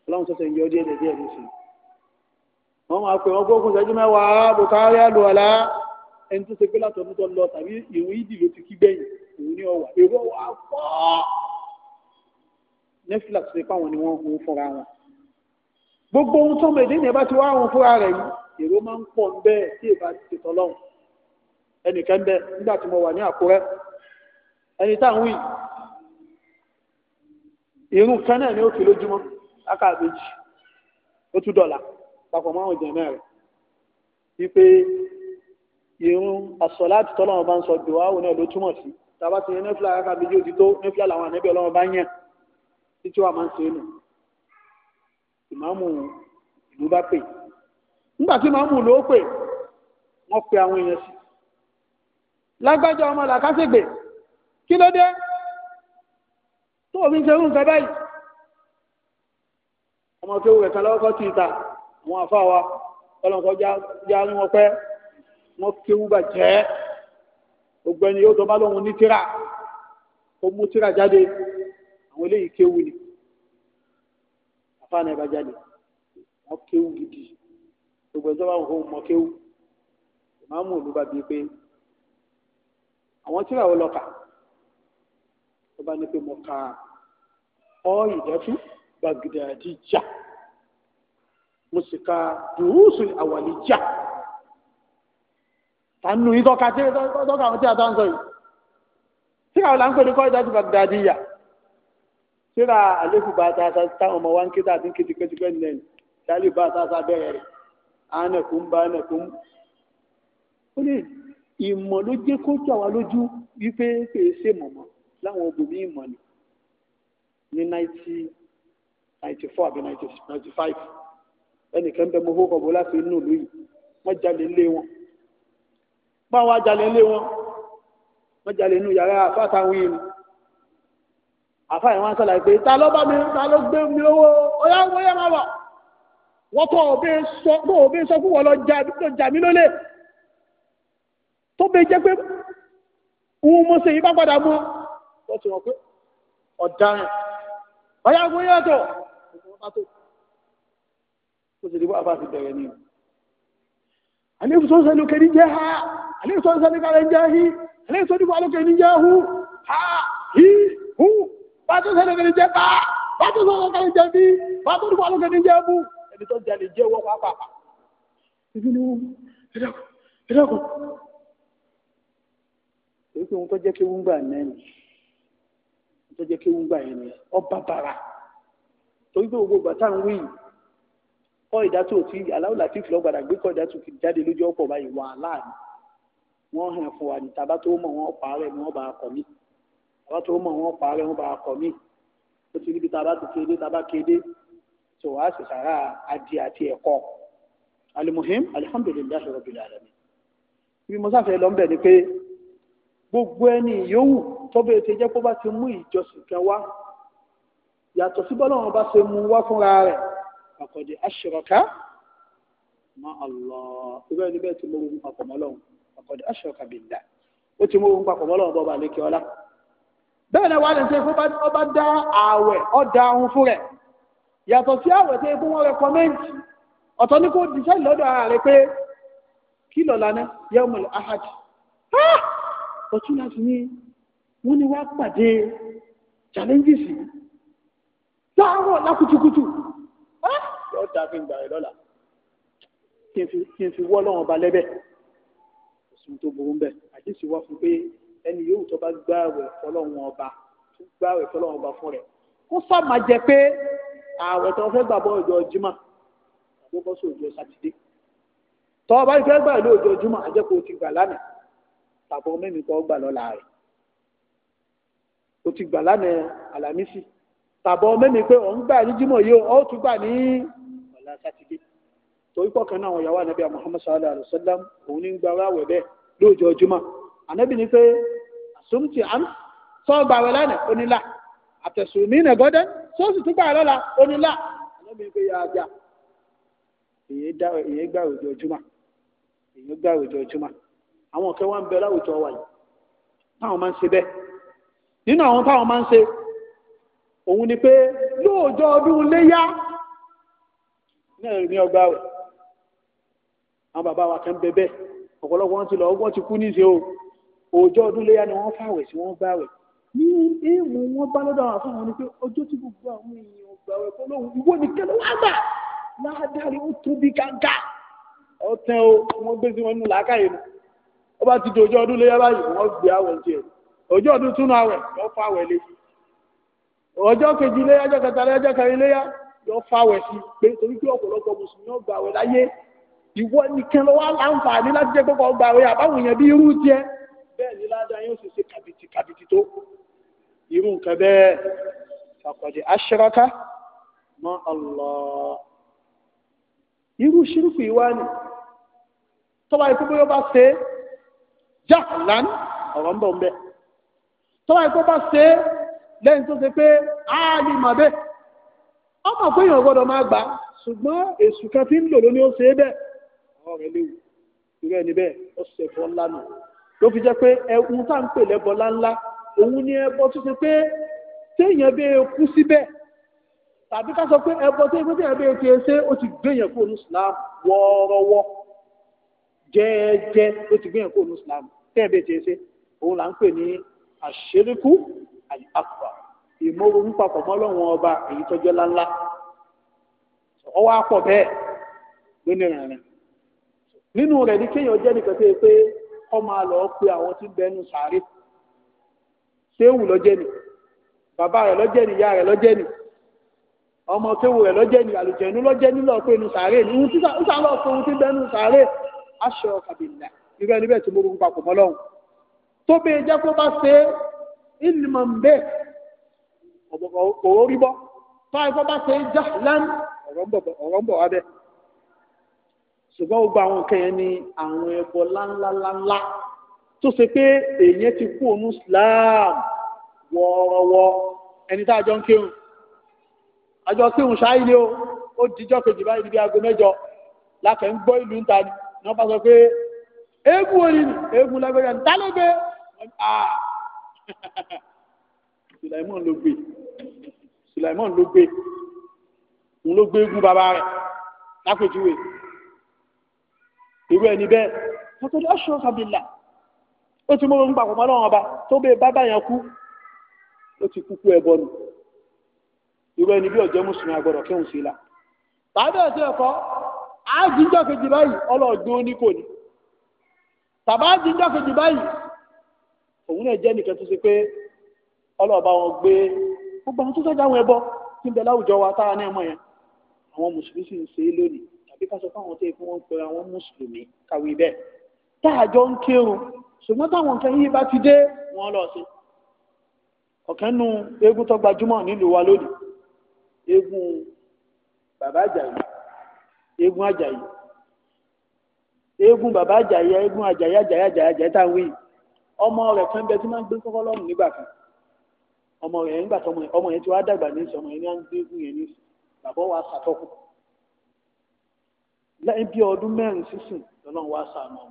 S1: ọlọ́run tó ṣe ń yọ díẹ̀ díẹ̀ díẹ̀ lóṣù wọ́n máa pè wọ́n gbógun ìṣẹ́jú mẹ́wàá bùkárí àlùwàlá ẹni tó ṣe pé látọ̀dún tó lọ tàbí ìrún ìdì ló ti kí gbẹ̀yìn òun ní ọwà èrò wà pọ̀ netflix ṣe fáwọn ni wọ́n ń fúnra wọn gbogbo ohun tó mèdè ẹ bá ti wá àwọn fúnra rẹ̀ yìí èrò máa ń pọ̀ ń bẹ́ẹ̀ tí ìbá ti tọ́lọ́hùn ẹnìkan bẹ́ẹ̀ nígbà tí mo wà ní Àkúrẹ́ ẹni tá à ń wí irun kan náà ni ó fi lójúmọ́ láká àbèjì ó tún dọ̀là papọ̀ mọ́ àwọn ìjẹ̀mẹ́ rẹ̀ wípé irun àsọ̀láàtì tọ́lọ́hùn bá ń sọ dùn áwò náà ló túmọ̀ sí tàbá ti yẹn nẹ́fìlà láká àbèjì òtítọ́ nẹ́fìlà làwọn ànẹ́bí Ọlọ́run bá yàn títí wà máa ń ṣe é nù ìmáàmù ìlú bá pè nígbà ma màmú ló pè wọ́n pe àwọn èèyàn sí lágbájá ọmọ làkásègbè kí ló dé tó omi ṣe rú nǹkan báyìí ọmọ tó rẹ̀ kan lọ́kọ́ ti ta àwọn ọlọ́nkọ́ já wọn pẹ́ wọ́n kéwú bà jẹ́ yóò tó bá lóhun ní tíra ó mú tíra jáde àwọn eléyìí kéwú ni ẹ̀ gbogbo ẹjọ́ bá wọ́n mọ kéwù ìmáàmù ìlú bá bíi pé àwọn tíra wo lọ kà ó bá ní pé mo ka ọ ìdẹ́tú gbàgìdàdì jà mo sì ka dùrúùsù àwàlì jà tànù ìtọ́ka tí ìtọ́ka àwọn tí a tó ń sọ yìí tíra là ń pè ní kọ́ ìdẹ́tú gbàgìdàdì yà tíra àlékù bá a ta táwọn ọmọ wa ń ké tàbí kétíkétíké nílẹ̀ yìí tí a lè bá a ta bẹ̀rẹ̀ rẹ̀ ánàkùn bá ánàkùn ó lè ìmọ̀ ló jẹ́ kó jà wá lójú wípé pé ṣe mọ̀mọ́ láwọn obìnrin ìmọ̀ ni ní náìtì náìtì fọ́ àbí náìtì fáìf ẹnìkan bẹ mo hó kọ̀bọ̀ láti inú ìlú yìí wọ́n jalè ńlé wọn báwa jalè ńlé wọn wọ́n jalè inú yàrá àfáàtàwọn yìí ni àfáà yẹn wọ́n sọ̀rọ̀ pé ta ló bá mi ta ló gbé mi lówó ó yá wọ́n máa bọ̀ wọ́n tó ọ̀bẹ sọ bó ọ̀bẹ sọ fún wọn lọ jà mí lólè tó bẹ jẹ́ pé òun mo ṣe yìí bá padà mú wọ́n ti wọ́n pé ọ̀daràn ọ̀yá ogun yàtọ̀ ó sì dìbò àbá ti bẹ̀rẹ̀ ni àlékún sọ́nsá lókè ní jẹ́ ha àlékún sọ́nsá ní kàrẹ́ ń jẹ́ hí àlékún sọ́nsá nípa lókè ní jẹ́ hú ha hí hú bá tó sọ́nsá lókè ní jẹ́ bá bá tó sọ́nsá lókè ní jẹ́ bí bá tó nípa lókè ní jẹ́ bú ẹni tó jalè jẹ́ owó
S2: pàápàá ibi ni wọ́n ẹ̀dàkùn ẹ̀dàkùn
S1: èyí pé ohun tó jẹ́ kéwú ń gbà náà ni tó jẹ́ kéwú ń gbà yẹn ni ọba bàrà torí pé gbogbo bàtà ń wí kọ́ ìdátò tí aláwọ̀ láti fi lọ́gbàdà gbé kọ́ ìdátò kì í jáde lójú ọ̀pọ̀ báyìí wà láàánú wọ́n hàn fún wa ní tàbá tó mọ̀ wọ́n pààrẹ̀ ni wọ́n bá kọ̀ mí tàbá tó mọ̀ wọ́n pààrẹ̀ wọ́n bá kọ̀ mí ó ti níbi tàbá ti kéde tàbá kéde so wàá sì sàrà adìẹ àti ẹ̀kọ́ alimuhim alihamdulilayi rabbil alamin bí mo sáfẹ́ lọ ni pé gbogbo ẹni yòówù tọ́bẹ̀ ti jẹ́ kó bá ti mú ìjọsìn kan wá yàtọ̀ sí bọ́lá wọn bá ṣe mú wá fúnra rẹ̀ àkọ́dé aṣọ̀rọ̀ká ma Allah ìwé ẹni bẹ́ẹ̀ ti mú ogun papọ̀ mọ́ lọ́hùn àkọ́dé aṣọ̀rọ̀ká billah ó ti mú ogun papọ̀ mọ́ lọ́hùn bọ́ba lékè ọlá bẹ́ẹ̀ ni wàá lè ṣe fún ọba dá ààwẹ̀ ọ̀dà ohun fún rẹ̀ yàtọ̀ sí àwẹ̀ tó yẹ kó wọ́n rẹkọmẹ́ǹtì ọ̀tọ̀ ní kó dìṣẹ́ lọ́dọ̀ ara rẹ pé kí lọ́la ná yẹ́mọ̀lẹ̀ ahad ọ̀tún láti ní wọ́n ní wá pàdé challenges yìí láàárọ̀ lákùtùkùtù ah! yóò dá fi ń gbà rẹ lọ́la kí n fi wọ́ lọ́wọ́n ba lẹ́bẹ̀ òsùn tó burú bẹ́ẹ̀ àdìsí wá fún pé ẹni yóò tó bá gbá àwẹ̀ fọlọ́wọ́n ọba fún rẹ̀ kó sá máa jẹ pé ààwẹ̀ tó fẹ́ gbàgbọ́ ọjọ́ jimá àbó bọ́ sí ọjọ́ sátidé tó o bá fẹ́ gbà ní ọjọ́ jimá àjẹkù ti gbà lánàá tàbí ọmọ mi kọ́ gbà lọ́la rẹ̀ o ti gbà lánàá àlàmísì tàbí ọmọ mi pé òun gbà ní jimá yìí ó tún gbà ní
S2: ọ̀la sátidé
S1: torí pọ̀ kan náà àwọn ìyàwó Muhammad sallallahu alayhi wa sallam òun ní gba ara wẹ̀ bẹ́ẹ̀ lóòjọ́ jimá ànábì ni pé àsomtì àmì sọ́ọ̀gbà wẹ̀ lánàá onílà ṣé oṣù tún gbà lọ́la onílà ọlọ́mọ ìgbé ya ajá èyí gbà òjò ojúmọ́ èyí gbà òjò ojúmọ́ àwọn ọ̀kẹ́ wọn ń bẹ láwùjọ wa yìí táwọn máa ń ṣe bẹ́ẹ̀ nínú àwọn táwọn máa ń ṣe òun ni pé lóòjọ́ ọdún léyá náà ní ọgbà rẹ̀ àwọn bàbá wa kan bẹ bẹ́ẹ̀ ọ̀pọ̀lọpọ̀ wọn ti lọ ọgbọ́n ti kú níṣẹ́ o òòjọ́ ọdún léyá ni wọ́n fàwẹ̀ sí wọ́n gbà rẹ̀ ní èèmù wọn bá lọ́dọ̀ àwọn àfọwọ́n ni pé ọjọ́ tí gbogbo àwọn èèyàn ọgbà ẹ̀ fọ́ lọ́hùn ìwọ nìkan ló wá gbà ládàrí ó tóbi gàgà ọtẹ o wọn gbé sí wọn nù làákàyè nu ó bá ti di ọjọ́ ọdún léyà báyìí wọn gbé àwẹ̀ tiẹ̀ ọjọ́ ọdún túnú àwẹ̀ yọ fà wẹ̀ lé ọjọ́ kejì léyà ọjọ́ kẹta léyà ọjọ́ kẹrin léyà yọ fà wẹ̀ sí pé torí pé ọ̀pọ̀lọpọ̀ mùsùlùmí ọgbà wẹ̀ láyé ìwọ nìkan ló wá láǹfààní láti jẹ́ pé kọ́ gbà wẹ̀ àbáwọn èèyàn bí irú iru nǹkan bẹ́ẹ̀ fàkọ̀dé ma mọ́ Allah irú ṣírùkù ìwá ni tọ́wá ikú bóyá bá ṣe jack lan ọ̀rọ̀ ń bọ̀ ń bẹ̀ ikú bá ṣe lẹ́yìn tó ṣe pé áàlì màbẹ́ ọmọ pé èèyàn gbọ́dọ̀ máa gbà ṣùgbọ́n èṣù kan tí ń lò lóní ó ṣe é bẹ́ẹ̀ ọ̀rọ̀ rẹ̀ òun ni ẹbọ tó ṣe pé téèyàn bẹ́ẹ̀ kú síbẹ̀ tàbí ká sọ pé ẹbọ tó ṣe pé téèyàn bẹ́ẹ̀ kú ṣe ó ti gbéyàn kó onú Islam wọ́ọ́rọ́wọ́ jẹ́ẹ́jẹ́ ó ti Islam téèyàn bẹ́ẹ̀ ti ṣe òun là ń pè ní àṣíríkú àyàkùbà ìmọ̀rún papọ̀ mọ́lọ́wọ́n ọba èyí tọ́jọ́ láńlá ọwọ́ àpọ̀ bẹ́ẹ̀ lónìí rìnrìn nínú rẹ̀ ní kéèyàn jẹ́ nìkan tó yẹ pé kọ́ máa lọ àwọn tí ń bẹnu sàárè séwù lọ́jẹ́ ni bàbá rẹ̀ lọ́jẹ́ ni ìyá rẹ̀ lọ́jẹ́ ni ọmọ kéwù rẹ̀ lọ́jẹ́ ni àlùjẹ̀nu lọ́jẹ́ nílọ pé nu sàárè ni ohun títà ń sàlọ́ fún ohun tí bẹ́ẹ̀ nu sàárè aṣọ kàbìlà irú ẹni bẹ́ẹ̀ tí mo rún papọ̀ mọ́lọ́hùn tó bẹ́ẹ̀ jẹ́ kó bá ṣe ìlìmọ̀ ń bẹ́ẹ̀ ọ̀rọ̀ rí bọ́ tó àìkọ́ bá ṣe já lẹ́nu ọ̀rọ̀ ń bọ̀ wá bẹ́ẹ̀ ṣùgbọ́n gbogbo àwọn kẹyẹ ni àwọn ẹbọ láńláńláńlá tó ṣe pé èèyàn ti kú ònú Islam wọ́ọ́rọ́wọ́ ẹni tá a jọ ń kírun àjọ kírun ṣáìlẹ̀ o ó dijọ́ kejì báyìí níbi aago mẹ́jọ lákẹ́ ń gbọ́ ìlú ńta ni ní wọ́n bá sọ pé eégún orí ni eégún lágbẹ́jà ń tálẹ́gbẹ́ Sulaimon ló gbé Sulaimon ló gbé òun ló gbé eégún bàbá rẹ̀ lápèjúwe irú ẹni bẹ́ẹ̀ wọ́n tó lọ́ṣọ́ ó ti mọ́rọ̀ ń papọ̀ mọ́ lọ́wọ́ ọba tó bẹ́ẹ̀ bá báyàn kú ó ti kúkú ẹbọ nù irú ẹni bí ọ̀jẹ́ mùsùlùmí agbọ́dọ̀ kẹ́hùn sí la tàbí ẹ̀sẹ̀ ẹ̀kọ́ àjíjọ́ kejì báyìí ọlọ́ọ̀dún ní kò ní tàbá àjíjọ́ kejì báyìí òun náà jẹ́ nìkan tó ṣe pé ọlọ́ọ̀bá wọn gbé gbogbo àwọn tó sọ́jà àwọn ẹbọ tí ń bẹ láwùjọ wa tára ní ẹmọ yẹn àwọn mùsùlùmí sì ń ṣe é lónìí tàbí ká sọ fáwọn tó yẹ kí wọ́n pera wọn mùsùlùmí kàwé bẹ́ẹ̀ táàjọ ń kírun ṣùgbọ́n táwọn nǹkan yìí bá ti dé wọn lọ sí ọ̀kẹ́ nu eégún tó gbajúmọ̀ nílùú wa lónìí eégún bàbá àjàyí eégún àjàyí eégún bàbá àjàyí eégún àjàyí àjàyí àjàyí àjàyí tá à ń wí ọmọ rẹ̀ kan bẹ tí máa ń gbé kọ́kọ́ lọ́rùn nígbà kan ọmọ rẹ̀ nígbà tó ọmọ yẹn ti wá dàgbà ní ìsọmọ yẹn ní à ń gbé eégún yẹn ní bàbá wa sàtọ́kù lẹ́yìn bí ọdún mẹ́rin sísìn lọ́nà wa sàánú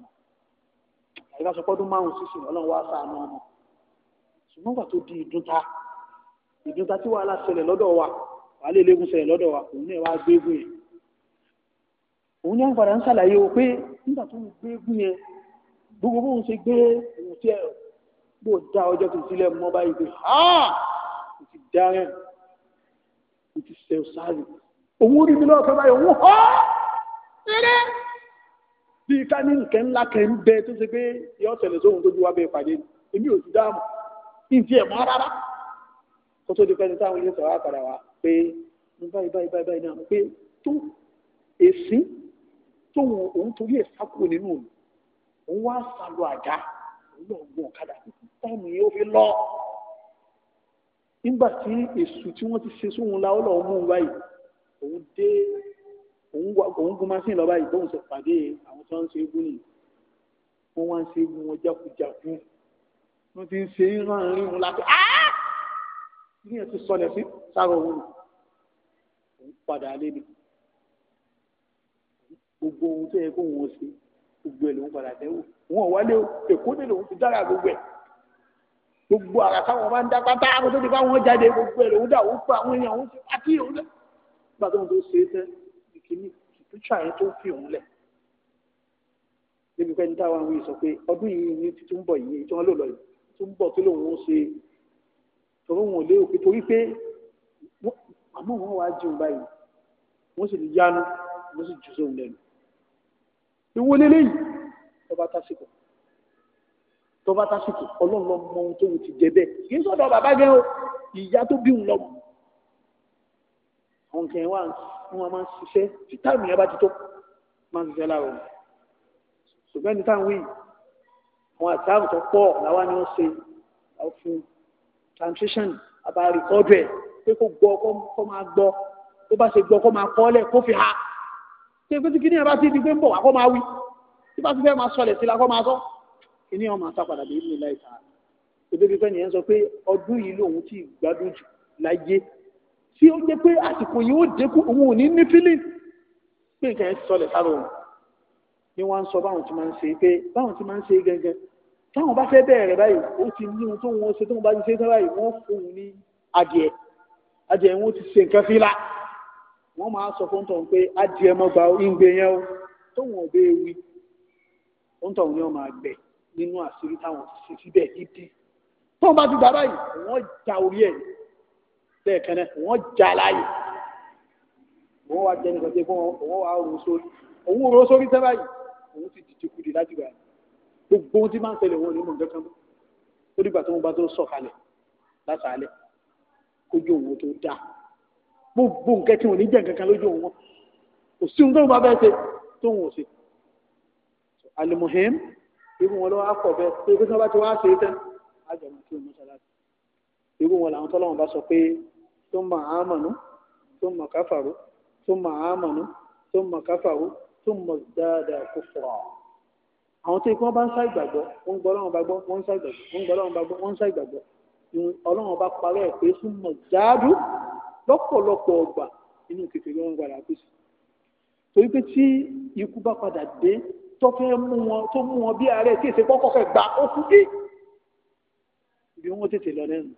S1: àyíká sọ pọ́dún márùn-ún sísìn ọlọ́run wá sáànù ọmọ ṣùgbọ́n gbà tó di ìdúnta ìdúnta tí wàhálà ṣẹlẹ̀ lọ́dọ̀ wa wàhálà eléegun ṣẹlẹ̀ lọ́dọ̀ wa òun náà wá gbégun yẹn òun ní àǹfààní ń ṣàlàyé o pé nígbà tó ń gbégun yẹn gbogbo bóun ṣe gbé òun tí ẹ bó da ọjọ́ tó sílẹ̀ mọ́ báyìí pé ha kò ti dárẹ́ kò ti ṣẹ̀ ṣáàlì òun rí mi lọ́ọ̀kẹ́ bí ká ní nǹkan ńlá kan ń bẹ tó ṣe pé yọ ṣẹlẹ̀ sóhun tó ju wá bẹ pàdé èmi ò ti dáàmú kí n tiẹ̀ mọ́ rárá kó tó di pẹ́ni táwọn ilé sọ̀rọ̀ àpàdà wá pé mo báyìí báyìí báyìí báyìí náà pé tó èsì tóun òun torí ẹ̀ sákò nínú òun òun wá sálọ àjà òun náà gun ọ̀kadà táìmù yẹn ó fi lọ nígbà tí èsù tí wọ́n ti ṣe sóhun la ó lọ́ọ́ mú un báyìí òun dé òun gun machine lọ báyìí bóun ṣe pàdé àwọn tó ń ṣe égún nìyí wọ́n wá ń ṣe égún wọn jákujàku wọ́n ti ń ṣe é ránrin wọn láti ní ẹ̀ ti sọlẹ̀ sí sára òun òun padà lé ní gbogbo ohun tó yẹ kó wọn ṣe gbogbo ẹ̀ lòun padà dẹ́wò wọn ò wálé o èkó ní lòun ti dára gbogbo ẹ̀ gbogbo ara táwọn máa ń dá pátá àwọn tó ti bá wọn jáde gbogbo ẹ̀ lòun dà òun pa àwọn èèyàn òun ti pàtí òun lẹ́ nígbà tó ṣe é tẹ́ kìíní títúṣà yẹn tó fi òun lẹ̀ níbi pẹ́ni táwọn àwọn yìí sọ pé ọdún yìí ni títún bọ̀ yìí tí wọ́n lò lọ yìí tún bọ̀ kí lòun ó ṣe tọ́wọ́ wọn ò lérò pé torí pé àmọ́ wọn wá jẹun báyìí wọ́n sì lè yánu wọ́n sì jù sóhun lẹ́nu ìwọ lélẹ́yìí tọ́ba tásìkò tọ́ba tásìkò ọlọ́run lọ mọ ohun tóun ti jẹ bẹ́ẹ̀ kì í sọ̀dọ̀ bàbá gẹ́ o ìyá tó bí òun lọ́mọ àwọn kẹ̀yìn wà ní wọn máa ń ṣiṣẹ́ tí táìmù yẹn bá ti tó máa ń ṣiṣẹ́ láàrọ̀ wọn ṣùgbọ́n ní táwọn wíì àwọn àtàwọn tó pọ̀ làwọn ni wọ́n ṣe fún transition about kọ́dọ̀ ẹ̀ pé kó gbọ́ kó máa gbọ́ tó bá ṣe gbọ́ kó máa kọ́ lẹ̀ kó fi ha ṣe pé tí kí ní ẹ bá ti di pé ń bọ̀ wá kó máa wí tí bá ti fẹ́ máa sọlẹ̀ sí la kó máa sọ kí ní ọmọ àtàpàdà bí ìlú ìlà ìta ìdókítà nìyẹn sọ pé ọdún yìí lòun ti gbádùn jù láyé tí ó jẹ́ pé àsìkò yìí ó dẹ́kù òun ò ní ní fílì pé nǹkan ẹ̀ sọlẹ̀ sára òun ni wọ́n ń sọ báwọn ti máa ń ṣe pé báwọn ti máa ń ṣe gẹ́gẹ́ táwọn bá fẹ́ bẹ̀rẹ̀ báyìí ó ti ní ohun tó wọn ṣe tó wọn bá ti ṣe tán báyìí wọ́n fún un ní adìẹ adìẹ wọn ti ṣe nǹkan fílà wọ́n máa sọ fún tọ̀hún pé adìẹ mọ́gbà ìgbé yẹn o tó wọn ò bẹ́ẹ̀ wí ohun tọ̀hún yẹn máa gbẹ nínú àṣírí táwọn ti ṣe síbẹ̀ dídí tó wọn bá ti gbà báyìí wọ́n ja orí ẹ̀ lẹ́ẹ̀kan náà wọ́n já láàyè òun wá jẹ́ nìkan tí òun wá rò sórí òun rò sórí tẹ́ báyìí òun ti dìde kudì láti gbà gbogbo ohun tí máa ń tẹ̀lé wọn nínú nǹkan kan ó dìgbà tó ń bá tó sọ̀kalẹ̀ lásàálẹ̀ kójú òun tó dáa gbogbo nǹkan tí wọn ní jẹ́ nǹkan kan lójú òun kò sí ohun tó ń bá bẹ́ẹ̀ ṣe tó ń wò ṣe alimuhim irú wọn ló wá pọ̀ bẹ́ẹ̀ pé pé tí wọ́n bá ti wá ṣe é tán á jẹ́ wọn tí wọ́n mọ́ṣáláṣí irú wọn làwọn tọ́lọ́wọ́n bá sọ pé ثم آمنوا ثم كفروا ثم آمنوا ثم كفروا ثم ازدادوا كفرا àwọn tó ikú wọn bá ń sá ìgbàgbọ́ wọn ń gbọ́ Ọlọ́run bá gbọ́ wọn ń sá ìgbàgbọ́ wọn ń gbọ́ Ọlọ́run bá gbọ́ wọn ń sá ìgbàgbọ́ Ọlọ́run bá parí ẹ̀ pé súnmọ́ jáàdú lọ́pọ̀lọpọ̀ ọgbà inú kékeré wọn gbàdá kù sí torí pé tí ikú bá padà dé tó fẹ́ mú wọn tó mú wọn bí ààrẹ tí èsè kọ́kọ́ fẹ́ gbà ó kú dé ibi wọn tètè lọ lẹ́nu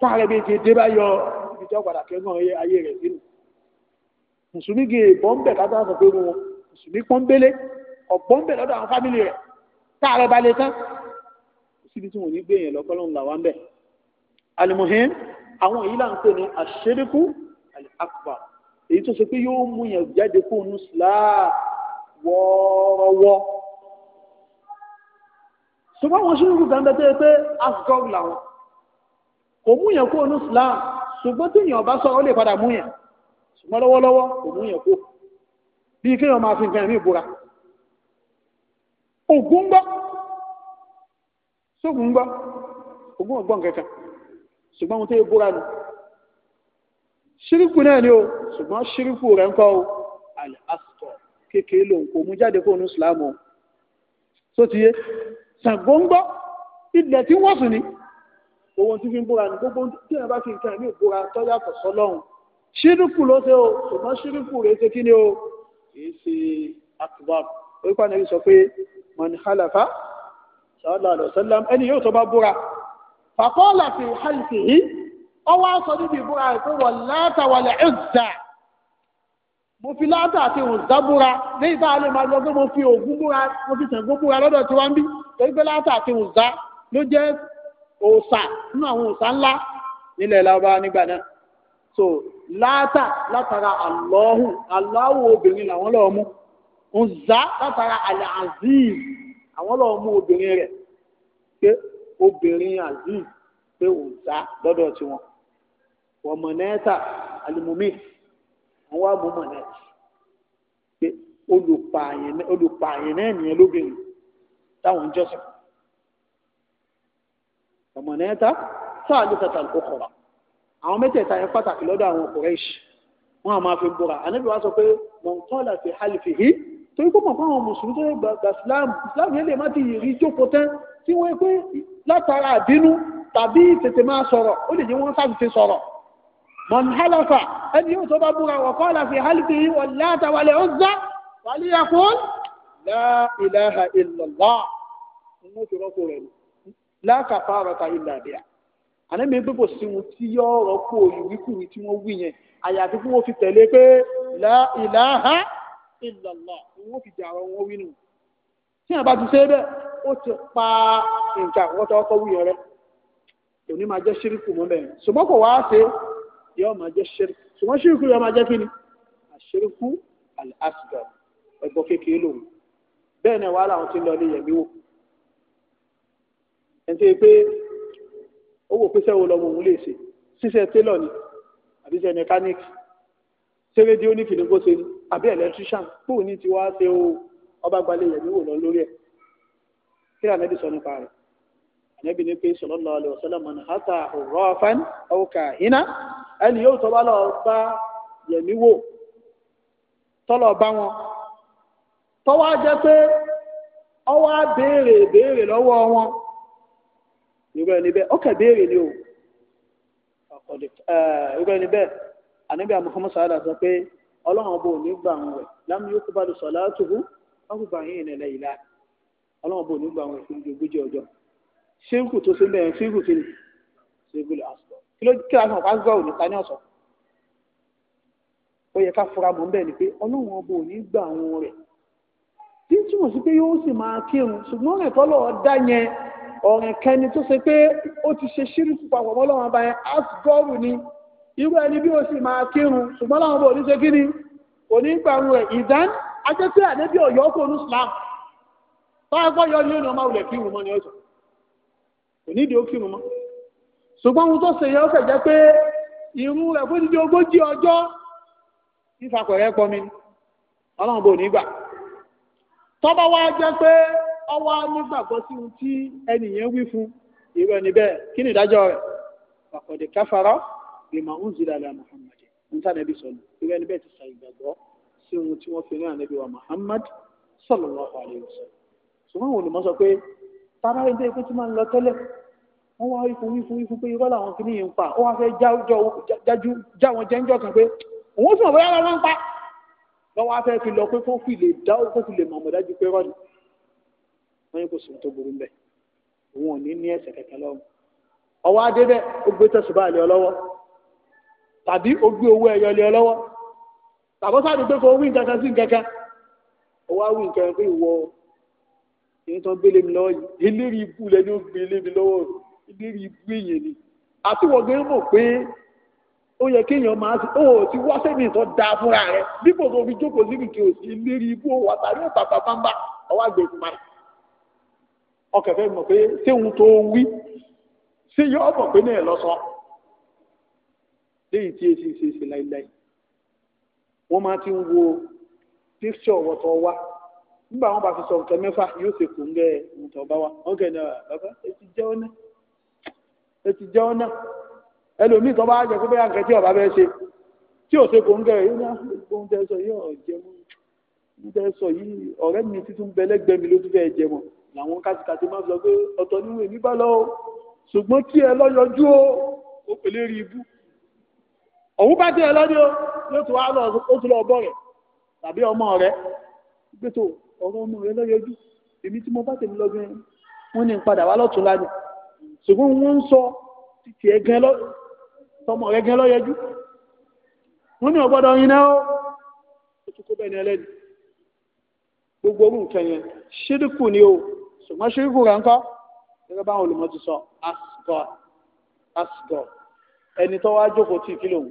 S1: táàrẹ bí ti dé báyọ ibi tí ó padà kẹ́gàn ayé rẹ̀ sínú mùsùlùmí gé bọ́m̀bẹ̀ kátà sọ pé wọn mùsùlùmí pọ́nbélé ọ̀pọ̀nbẹ̀ lọ́dọ̀ àwọn fámìlì rẹ̀ táàrẹ balẹ̀ tán síbi tí wọn ní gbé yẹn lọ́kọ́ lọ́nà làwọn bẹ̀ alimuhim àwọn èyí là ń pè ní àṣẹríkú al-akbar èyí tó ṣe pé yóò mú yẹn jáde kó nu síláà wọ́ọ́rọ́wọ́ ṣùgbọ́n àwọn ṣírùkù kan bẹ́ẹ̀ pé asgọ́ọ̀lù làwọn kò mú yẹn kó onú islam ṣùgbọ́n tí èèyàn bá sọ ó lè padà mú yẹn ṣùgbọ́n lọ́wọ́lọ́wọ́ kò mú yẹn kó bíi kéèyàn máa fi nǹkan ẹ̀mí ìbúra ògùn gbọ́ sóògùn gbọ́ ògùn ọ̀gbọ́n kankan ṣùgbọ́n ohun tó yẹ búra nù ṣíríkù náà ni o ṣùgbọ́n ṣíríkù rẹ̀ ń kọ́ o àlẹ́ àsìkò kékeré lòun kò mú jáde kó onú islam o tó ti yé ṣàgbọ́ngbọ́ ilẹ̀ tí wọ́n sùn ni owó tí fi ń búra ní gbogbo tí wọn bá fi nǹkan ìmí ìbúra tó yàtọ̀ sọ́lọ́run ṣírùkù ló ṣe o ṣùgbọ́n ṣírùkù rẹ̀ ṣe kí ni o kìí ṣe akbar orípa náà sọ pé mọ̀nì halafa sallallahu alaihi wasallam ẹni yóò tó bá búra fàkọ́ọ̀lá fi hàlìfì yìí ọwọ́ aṣọ níbi ìbúra rẹ̀ pé wọ́n láta wal Uzza mo fi láta àti Uzza búra léyìí bá a lè máa lọ pé mo fi Ògún búra mo fi Ṣàngó búra lọ́dọ̀ tí ń bí torí pé láta àti Uzza ló jẹ́ òòsà nínú àwọn òòsà ńlá nílẹ̀ lárúbáwá nígbà náà so láàtà látara àlọ́hùn aláwọ̀ obìnrin làwọn lọ́ọ́ mú ǹzá látara àlẹ́ azeez àwọn lọ́ọ́ mú obìnrin rẹ̀ pé obìnrin azeez pé ǹzá lọ́dọ̀ tiwọn wọ́n mọ̀nẹ́ta alimumi àwọn àmú mọ̀nẹ́ta pé olùpààyàn náà nìyẹn lóbìnrin táwọn ń jọ́sìn fún ọmọnẹta sáàlùsàtà òkòrà àwọn mẹ́tẹ̀ẹ̀ta yẹn pàtàkì lọ́dọ̀ àwọn Quraysh wọn a máa fi búra anábì wa sọ pé mọ̀nkọ́lá fi halifihi torí pé mọ̀nkọ́ àwọn mùsùlùmí tó yẹ gba Islam Islam yẹn lè má ti yìí rí jókòó tán tí wọ́n pé látara àbínú tàbí tètè máa sọ̀rọ̀ ó lè jẹ́ wọ́n sáà ti sọ̀rọ̀ mọ̀nkálàfà ẹni yóò tó bá búra wọ̀kọ́lá fi halifihi wọ̀ látàwálẹ̀ ó zá wàlíyàkó la ilaha illallah láàkàfà àrọ̀tà ilà bíà ànẹ́mi pé kò sí wọn tí yọ ọ̀rọ̀ kú tí wọ́n wí yẹn àyàfi kí wọ́n fi tẹ̀lé pé la ilaha illallah wọ́n fi jà ọ̀rọ̀ wọn wí nù tí àbá ti ṣe bẹ́ẹ̀ ó ti pa nǹkan àkọ́kọ́ ọkọ̀ wúyọ rẹ òní máa jẹ́ ṣíríkù mọ́ bẹ́ẹ̀ ṣùgbọ́n kò wá ṣe yọ máa jẹ́ ṣíríkù ṣùgbọ́n ṣíríkù yọ máa jẹ́ kí ni àṣíríkù
S2: al-asghar
S1: ẹgbọ́ kékeré lòun bẹ́ẹ̀ náà wàhálà àwọn ti lọ ilé yẹ̀mí wò ẹni tó yẹ pé ó wò pé sẹ́wọ́ lọ́mọ òun lè ṣe ṣíṣẹ́ télọ̀ ni àbí ṣe mẹkáníìkì ṣé rédíò ní fìdígbó ṣe ni àbí ẹ̀lẹ́tíríṣàn pò ní tiwa ṣe o ọba gbalẹ̀ yẹ̀mí wò lọ lórí ẹ̀ kí ànábì sọ nípa rẹ̀ ànábì ní pé sallallahu alaihi wasallam man hata urrafan aw kahina ẹni yóò tọ́ bá lọ bá yẹ̀mí wò tọ́lọ̀ bá wọn tọ́wọ́ á jẹ́ pé ọwọ́ á béèrè béèrè lọ́wọ́ wọn irú ẹni bẹ́ẹ̀ ọkẹ́ béèrè ni o irú ẹni bẹ́ẹ̀ ànábìà Muhammad sàádà sọ pé ọlọ́run bò ní gbà wọn rẹ̀ lámì yóò kó bá lè sọ látòkú wọn kò bá yín ìnẹ̀lẹ̀ ìlà ọlọ́run bò ní gbà wọn rẹ̀ fún ogójì ọjọ́ ṣírkù tó ṣe bẹ́ẹ̀ ṣírkù tó ní ṣírkù lè àṣọ kí ló kí lásán wá gbọ́ òní ta ní ọ̀sán ó yẹ ká fura mọ́ bẹ́ẹ̀ ni pé ọlọ́run bò ní gbà wọn rẹ̀ tí túmọ̀ sí pé yóò sì máa kírun ṣùgbọ́n ẹ̀kọ́ lọ́ọ́ dá yẹn ọ̀ràn kẹni tó ṣe pé ó ti ṣe ṣírùkù papọ̀ mọ́lọ́wọ́n bá yẹn asgọ́rù ni irú ẹni bí ó sì máa kírun ṣùgbọ́n láwọn bò ní kí ni kò ní gbàrú rẹ̀ ìdán ajẹ́pẹ́ àdébí ọ̀yọ́ kò ní Islam tọ́wọ́ yọ ní ọ̀nà máa wulẹ̀ kírun mọ́ ni ọ̀sọ̀ kò ní ìdí ó kírun mọ́ ṣùgbọ́n ohun tó ṣe yẹ ó fẹ̀ jẹ́ pé irun rẹ̀ fún ìdí ogójì ọjọ́ ìfàkọ̀rẹ́ pọ̀ mi ọlọ́run bò ní gbà tọ́ba wá jẹ́ pé ọwọ́ nígbàgbọ́ sí ohun tí ẹnìyẹn wí fún irú ẹni kí ni ìdájọ́ rẹ̀ pàkọ̀dé káfárọ́ ìmọ̀ ń zìlà àlà Muhammad ń tà nẹ́bí sọ̀lù irú ẹni bẹ́ẹ̀ ti sa ìgbàgbọ́ sí ohun tí wọ́n fi rán ànẹ́bí wa Muhammad sallallahu alaihi wasallam ṣùgbọ́n àwọn olùmọ̀ sọ pé tara ẹgbẹ́ ikú tí máa ń lọ tẹ́lẹ̀ wọ́n wá wífun wífun wífun pé irọ́ làwọn kìíní yìí ń pa wọ́n wá fẹ́ já wọn jẹ́ńjọ́ kan pé òun fún ọ̀bọ̀yá wọn ń pa lọ́wọ́ á fẹ́ fi lọ pé kó fi lè dá ó kó fi lè mọ̀mọ́ pé rọ́ọ̀nì wọ́n yẹ kó sùn tó burú bẹ́ẹ̀ òun ò ní ní ẹ̀ṣẹ̀ kẹ̀kẹ́ lọ́wọ́ ọwọ́ adé bẹ́ẹ̀ ó gbé tẹ̀sùbá lé ọ lọ́wọ́ tàbí ó gbé owó ẹyọ lé ọ lọ́wọ́ tàbọ́ sáàdì pé kò wí nǹkan kan sí nǹkan kan ó wá wí nǹkan pé ìwọ ìyẹn tó ń gbélé mi lọ́wọ́ yìí eléri ibú lẹni ó gbélé mi lọ́wọ́ eléri ibú èèyàn ni àti wọ́n pé ó yẹ kéèyàn máa ti ó ti wá sẹ́mi tó da fúnra rẹ̀ dípò tó fi jókòó síbi kí o sí eléri ibú òwò àtàrí ọ̀pàpà pàmbá ọwọ́ àgbẹ̀ ìkùnmá ọkẹ̀fẹ́ mọ̀ pé tíhun tó wí sí yọ ọ̀pọ̀ pé náà lọ́sọ lẹ́yìn tí èsì ṣe ṣe láìláì wọ́n máa ti ń wo píṣọ̀ wọ̀tọ̀ wá nígbà wọn bá fi sọ nǹkan mẹ́fà yóò ṣe kò ń gẹ ohun tó bá wa wọ́n kẹ́ ní ah, bàbá etí jẹ́ ọ́nà etí jẹ́ ọ́nà ẹlòmíì tó bá jẹ pé bẹ́ẹ̀ nǹkan tí ọba bẹ́ẹ̀ ṣe tí ò ṣe kò ń gẹ yóò ní ohun tẹ́ sọ yóò jẹ mọ́ ohun tẹ́ sọ yìí ọ̀rẹ́ mi títún bẹ lẹ́gbẹ̀ẹ́ ló tún fẹ́ jẹ mọ́ làwọn kátìkàtì máa ń sọ pé ọ̀tọ̀ nínú èmi bá lọ ṣùgbọ́n tí ẹ lọ́yọjú ó ó pèlè rí ibú òun bá tiẹ̀ lọ́dí ó yóò tún wá lọ ó tún lọ ọbọ rẹ̀ tàbí ọmọ rẹ̀ gbẹ́tò ọ̀rọ̀ ọmọ rẹ̀ lọ́yọjú èmi tí mo bá tèmi lọ gan wọn ní padà wá lọ́tún lánàá ṣùgbọ́n wọ́n ń sọ títí ẹ gan lọ́yọjú wọ́n ní ọgbọ́dọ̀ yín náà ó tún kó ṣùgbọ́n ṣíríkù rẹ̀ ńkọ́ gẹ́gẹ́ báwọn olùmọ̀ ti sọ asgọ asgọ ẹni tó wá jókòó tí kí lòun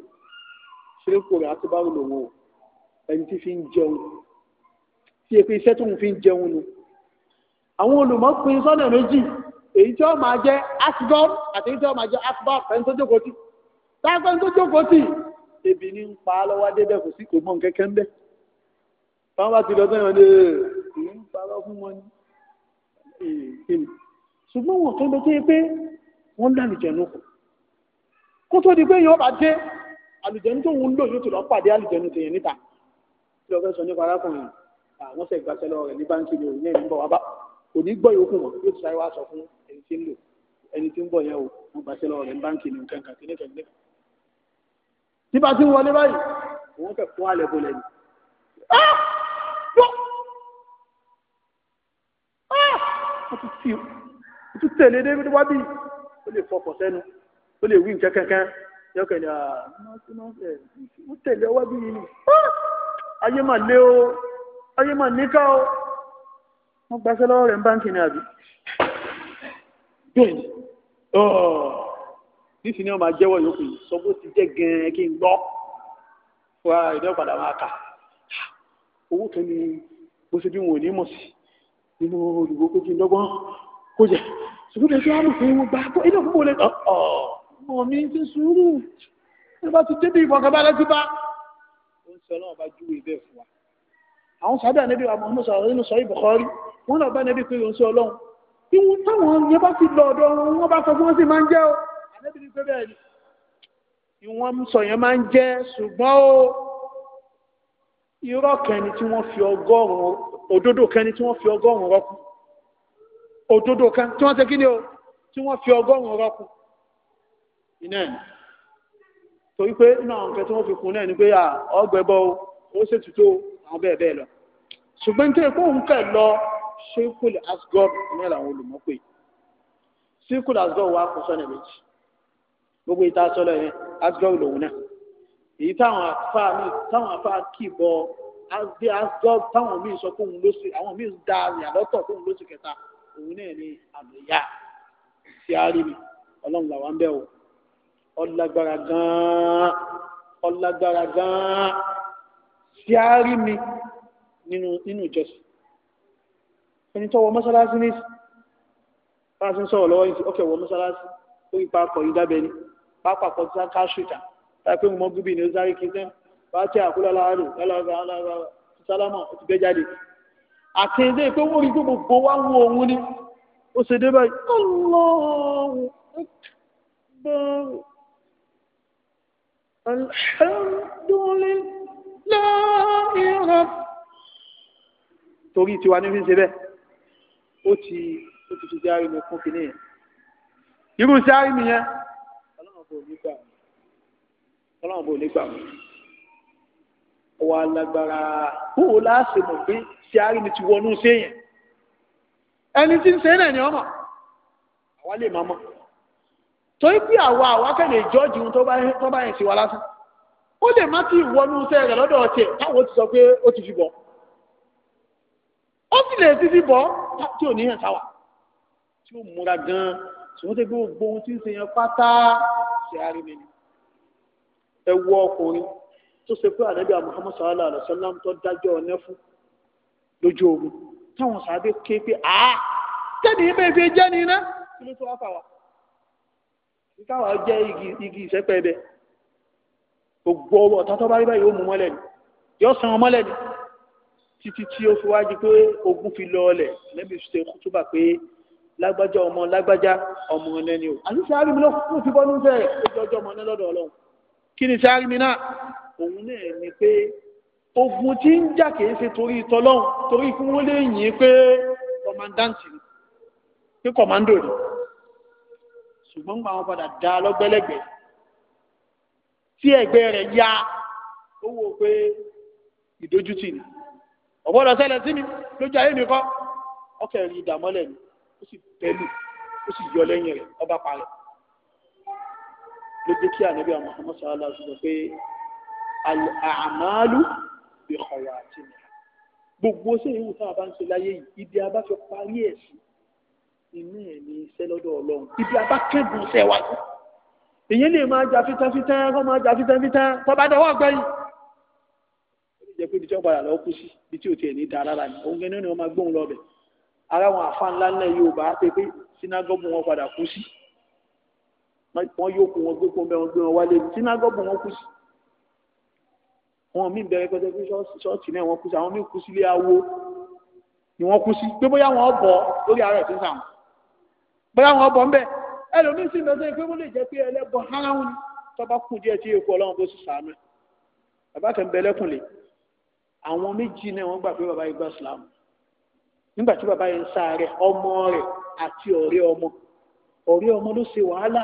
S1: ṣíríkù rẹ̀ àti báwọn lòun o ẹni tí fi ń jẹun tí èpè iṣẹ́ tóun fi ń jẹun ni àwọn olùmọ̀ pín sọ́nà méjì èyí tí wọ́n máa jẹ́ asgọ àti èyí tí wọ́n máa jẹ́ asgọ ẹni tó jókòó tì táwọn ẹni tó jókòó tì ebi ní ń pa á lọ́wọ́ débẹ̀ kò sí kò mọ̀ kẹ́kẹ́ ń bẹ̀ báwọn bá ti lọ sọ́yìn wọn ní èèyàn ń parọ́ fún wọn ni ṣùgbọ́n wọn tó lọ́tọ́ pé wọ́n ń lálùjẹ̀nu kù kó tó di pé yóò bá dé àlùjẹ̀nu tó ń lò yóò ti lọ pàdé àlùjẹ̀nu tèèyàn níta tí lọ́ọ́ fẹ́ sọ nípa arákùnrin àwọn sẹ̀ gbàṣẹ lọ rẹ̀ ní báńkì ni òun náà ń bọ̀ wá bá kò ní gbọ́ yòókù wọn yóò ti sáré wá sọ fún ẹni tí ń lò ẹni tí ń bọ̀ yẹn o wọ́n gbàṣẹ lọ rẹ̀ ní báńkì ni nǹkan kan kìíní kẹ̀kẹ́ nípa tí ń wọlé báyìí òun fẹ́ fún alẹ́ bolẹ̀ ni ah! ó tún tì ó tún tẹ̀lé dé wá bí ó lè fọkọ̀ sẹ́nu ó lè wí nǹkan kankan yọkẹ̀ ni ah, ó tẹ̀lé wá bí yìí ayé mà lé o ayé mà níkà o wọ́n gbaṣẹ́ lọ́wọ́ rẹ̀ ń báńkì ni àbí bẹ́ẹ̀ni nísìnyí ọmọ ajẹ́wọ́ yòókù yìí sọ bó ti jẹ́ gẹ́ẹ́ kí n gbọ́ wá ìdẹ́wọ̀ padà máa kà owó kan ni mo ṣe bí wọn ò ní mọ̀ sí i nínú olùgbò kó kí n dọ́gbọ́n kó jẹ ṣùgbọ́n tí wọ́n mú pé wọ́n gbà kó ilé òkú wọlé ọ̀ọ́ mi ti sùúrù ní bá ti débi ìbọn kaba lẹ́tí bá
S2: ó ń sọ náà bá júwe bẹ́ẹ̀ fún wa
S1: àwọn sábẹ́ ànẹ́bí wa mọ̀ọ́mọ́ sọ̀rọ̀ nínú sọ ìbùkọ́rí wọ́n lọ bá ànẹ́bí pé òun sọ ọlọ́run bí wọ́n táwọn yẹn bá ti lọ ọ̀dọ̀ wọn wọ́n bá sọ fún wọn sì máa ń jẹ́ o
S2: ànẹ́bí ni pé bẹ́ẹ̀ ni
S1: ìwọ̀n sọ yẹn máa ń jẹ́ ṣùgbọ́n o irọ́ kẹni tí wọ́n fi ọgọ́rùn-ún òdodo kẹni tí wọ́n fi ọgọ́rùn-ún rọ́kù òdodo kẹni tí wọ́n ṣe kí ni o tí wọ́n fi ọgọ́rùn-ún rọ́kù iná ẹ̀ torí pé inú àwọn nǹkan tí wọ́n fi kún náà ni pé ọgbẹ̀bọ ó ṣètútó àwọn bẹ́ẹ̀ bẹ́ẹ̀ lọ ṣùgbọ́n tí èkó ń kẹ̀ lọ ṣíkùlù asgọ́r ní àwọn olùmọ́pẹ́ ṣíkùlù asgọ́r wà kó sọ́nà méjì gbogbo ìta sọ́lọ̀ yẹn asgọ́r lòun náà èyí táwọn afá mi táwọn afá kì bọ azẹ azọ táwọn míì sọ fóun ló sì àwọn míì da ìyàlọ́tọ̀ fóun ló sì kẹta òun náà ni àlùyá tí a mi ọlọ́run làwọn ń bẹ̀ o ọlágbára gan ọlágbára gan-an tí mi nínú nínú ìjọsìn ẹni tó wọ mọ́sálásí ní bá a ti ń sọ̀rọ̀ lọ́wọ́ yìí ọkẹ́ wọ mọ́sálásí ó yí pa yìí dábẹ́ ni pápá tí a ká ṣùtà tápé mo mọ́gúbì ni ó sáré kí sẹ́wọ̀n bá tẹ àkúlọ̀ láàárọ̀ lọ́lọ́gbà lọ́lọ́gbà sálámà ó ti gbé jáde àti ilé pé wọ́n rí pé gbogbo wa wo òun ni ó ṣe dé báyìí
S2: ọlọ́run bẹ́ẹ̀
S1: torí tiwa ní fi ṣe bẹ́ẹ̀ ó ti ó ti ti járe mi fún kìnìyàn irú sáré mi yẹn ọlọ́run kò ní gbà mí ọlọ́run bò nígbà wọn ọwọ́ alágbára bóò láàṣẹ mọ̀ pé ṣe á rí mi ti wọnú séèyàn ẹni tí ń ṣe náà ni ọmọ àwa lè máa mọ torí pé àwa àwa kẹ́lẹ̀ ìjọ́jú tó bá yẹn sí wa lásán ó lè má ti wọnú iṣẹ́ rẹ̀ lọ́dọ̀ ọ̀tẹ̀ táwọn ti sọ pé ó ti fi bọ̀ ó sì lè ti fi bọ̀ tí ò ní hàn sáwà tí ó múra gan-an ṣùgbọ́n tó gbogbo ohun tí ń ṣe yẹn pátá ṣe á rí mi ni ẹ wọ ọkùnrin tó ṣe pé ànábì Muhammad sallallahu alaihi wasallam tó dájọ́ ọ̀nẹ́ fún lójú ogun táwọn sàbẹ̀ ké pé a tẹ́lẹ̀ yìí bẹ́ẹ̀ fi jẹ́ ni iná kí ló tó wá fà wá káwa jẹ́ igi ìsẹ́pẹ́ bẹ́ẹ̀ gbogbo ọwọ́ ọ̀tá tó bá rí báyìí ó mú mọ́lẹ̀ ni yóò san ọmọ lẹ́ni títí tí ó fi wá di pé ogun fi lọ ọlẹ̀ lẹ́bi ṣe túbà pé lágbájá ọmọ lágbájá ọmọ ọ̀nẹ́ni o àti sàárì mi ló fi bọ́ níbẹ̀ ó jọjọ́ ọmọ ọ̀nẹ́ lọ́dọ̀ ọlọ́run kí ni sáré mi náà òun náà ni pé ogun tí ń jà kìí ṣe torí tọlọ́hún torí fún wọn lè yìn pé kọmandáǹtì ni pé kọmandò ni ṣùgbọ́n gba àwọn padà dá lọ́gbẹ́lẹ́gbẹ́ tí ẹgbẹ́ rẹ̀ ya ó wò pé ìdójútì ni ọ̀gbọ́dọ̀ ṣẹlẹ̀ sí mi lójú ayé mi kọ́ ọkẹ́ rí ìdààmọ́lẹ̀ ni ó sì bẹ́lù ó sì yọ lẹ́yìn rẹ̀ ọba parẹ́ ló jẹ́ kí ànábì Muhammad sallallahu alaihi wasallam pé àmàlù bí ọ̀rọ̀ àti mi gbogbo ṣé ìwù tá a bá ń ṣe láyé yìí ibi a bá fi parí ẹ̀ sí inú ẹ̀ ní iṣẹ́ lọ́dọ̀ ọlọ́run ibi a bá kẹ́gùn ṣẹ́ wájú èyí lè máa jà fitafita kọ́ máa jà fitafita tọ́ bá dọwọ́ gbẹ́yìn ó jẹ́ pé ibi tí wọ́n padà lọ́ọ́ kú sí ibi tí ò tiẹ̀ ní dára rà ní òun gẹ́gẹ́ ni wọ́n máa gbóhùn lọ́bẹ̀ ara wọn àfa ńlá ńlẹ̀ Yorùbá pé pé sinagogun wọn padà kú sí wọ́n yóò kó wọn gbé kó bẹ́ẹ̀ wọ́n gbé wọn wálé sínágọ́gù wọn kú sí wọn mí bẹ̀rẹ̀ pẹ́tẹ́ pé ṣọ́ọ̀tì náà wọ́n kú sí àwọn mí kú sílé awo ni wọ́n kú sí pé bóyá wọn bọ̀ lórí ara ẹ̀ tó ń sàn bóyá wọn bọ̀ ń bẹ̀ ẹlòmíín sì ń bẹ sẹ́yìn pé wọ́n lè jẹ́ pé ẹlẹ́gbọ́ háráhùn tọ́ba kù díẹ̀ tí èkó ọlọ́run bó sì sàánú ẹ̀ bàbá kan bẹ lẹ́kùnlé àwọn méjì náà wọ́n gbà pé bàbá yìí gbà sílámù nígbà tí bàbá yìí ń sáré ọmọ rẹ̀ àti ọ̀rẹ́ ọmọ ọ̀rẹ́ ọmọ ló ṣe wàhálà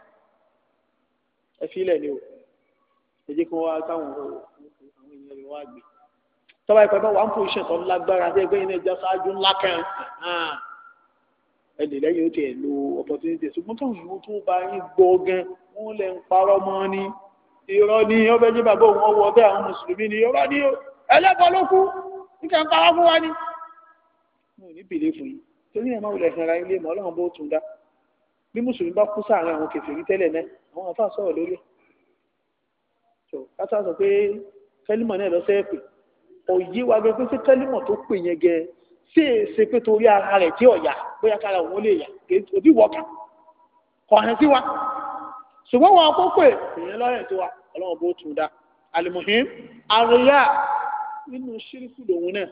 S1: ẹ fílẹ̀ ni o ẹ jẹ́ kí wọ́n wá káwọn àwọn èèyàn rẹ̀ wá gbé tọ́ba ìpẹ́ bá wà ń fún iṣẹ́ tó lágbára tẹ́ gbé iná ìjà ṣáájú ńlá kan ah, ẹ lè lẹ́yìn ó tiẹ̀ lo opportunity ṣùgbọ́n tó yìí tó bá yín gbọ́ gan wọ́n lẹ̀ ń parọ́ mọ́ ni irọ́ ni ọbẹ̀ jẹ́ bàbá òun ọwọ́ ọbẹ̀ àwọn mùsùlùmí ni irọ́ ni ẹlẹ́bọ ló kú níta ń parọ́ fún wa ni. mo ò ní bèlè fún yín torí ẹ̀ máa wulẹ̀ sanra ilé mọ́ ọlọ́run bó tún dá bí mùsùlùmí bá kú sáàárín àwọn kèfèrí tẹ́lẹ̀ náà àwọn àfa sọ̀rọ̀ lórí ẹ̀ kátà sọ pé kẹ́límọ̀ náà lọ́sẹ̀ pè òyí wa gbé pé sí kẹ́límọ̀ tó pè yẹn gẹ ṣé è ṣe pé torí ara rẹ̀ jẹ́ ọ̀yà bóyá kára òun lè yà òbí wọ̀ọ̀kà kọ̀ọ̀hán sí wa ṣùgbọ́n wọn kó pè èèyàn lọ́rẹ̀ tó wa ọlọ́run bó tún dá alimuhim àríyá nínú ṣírífù lòun náà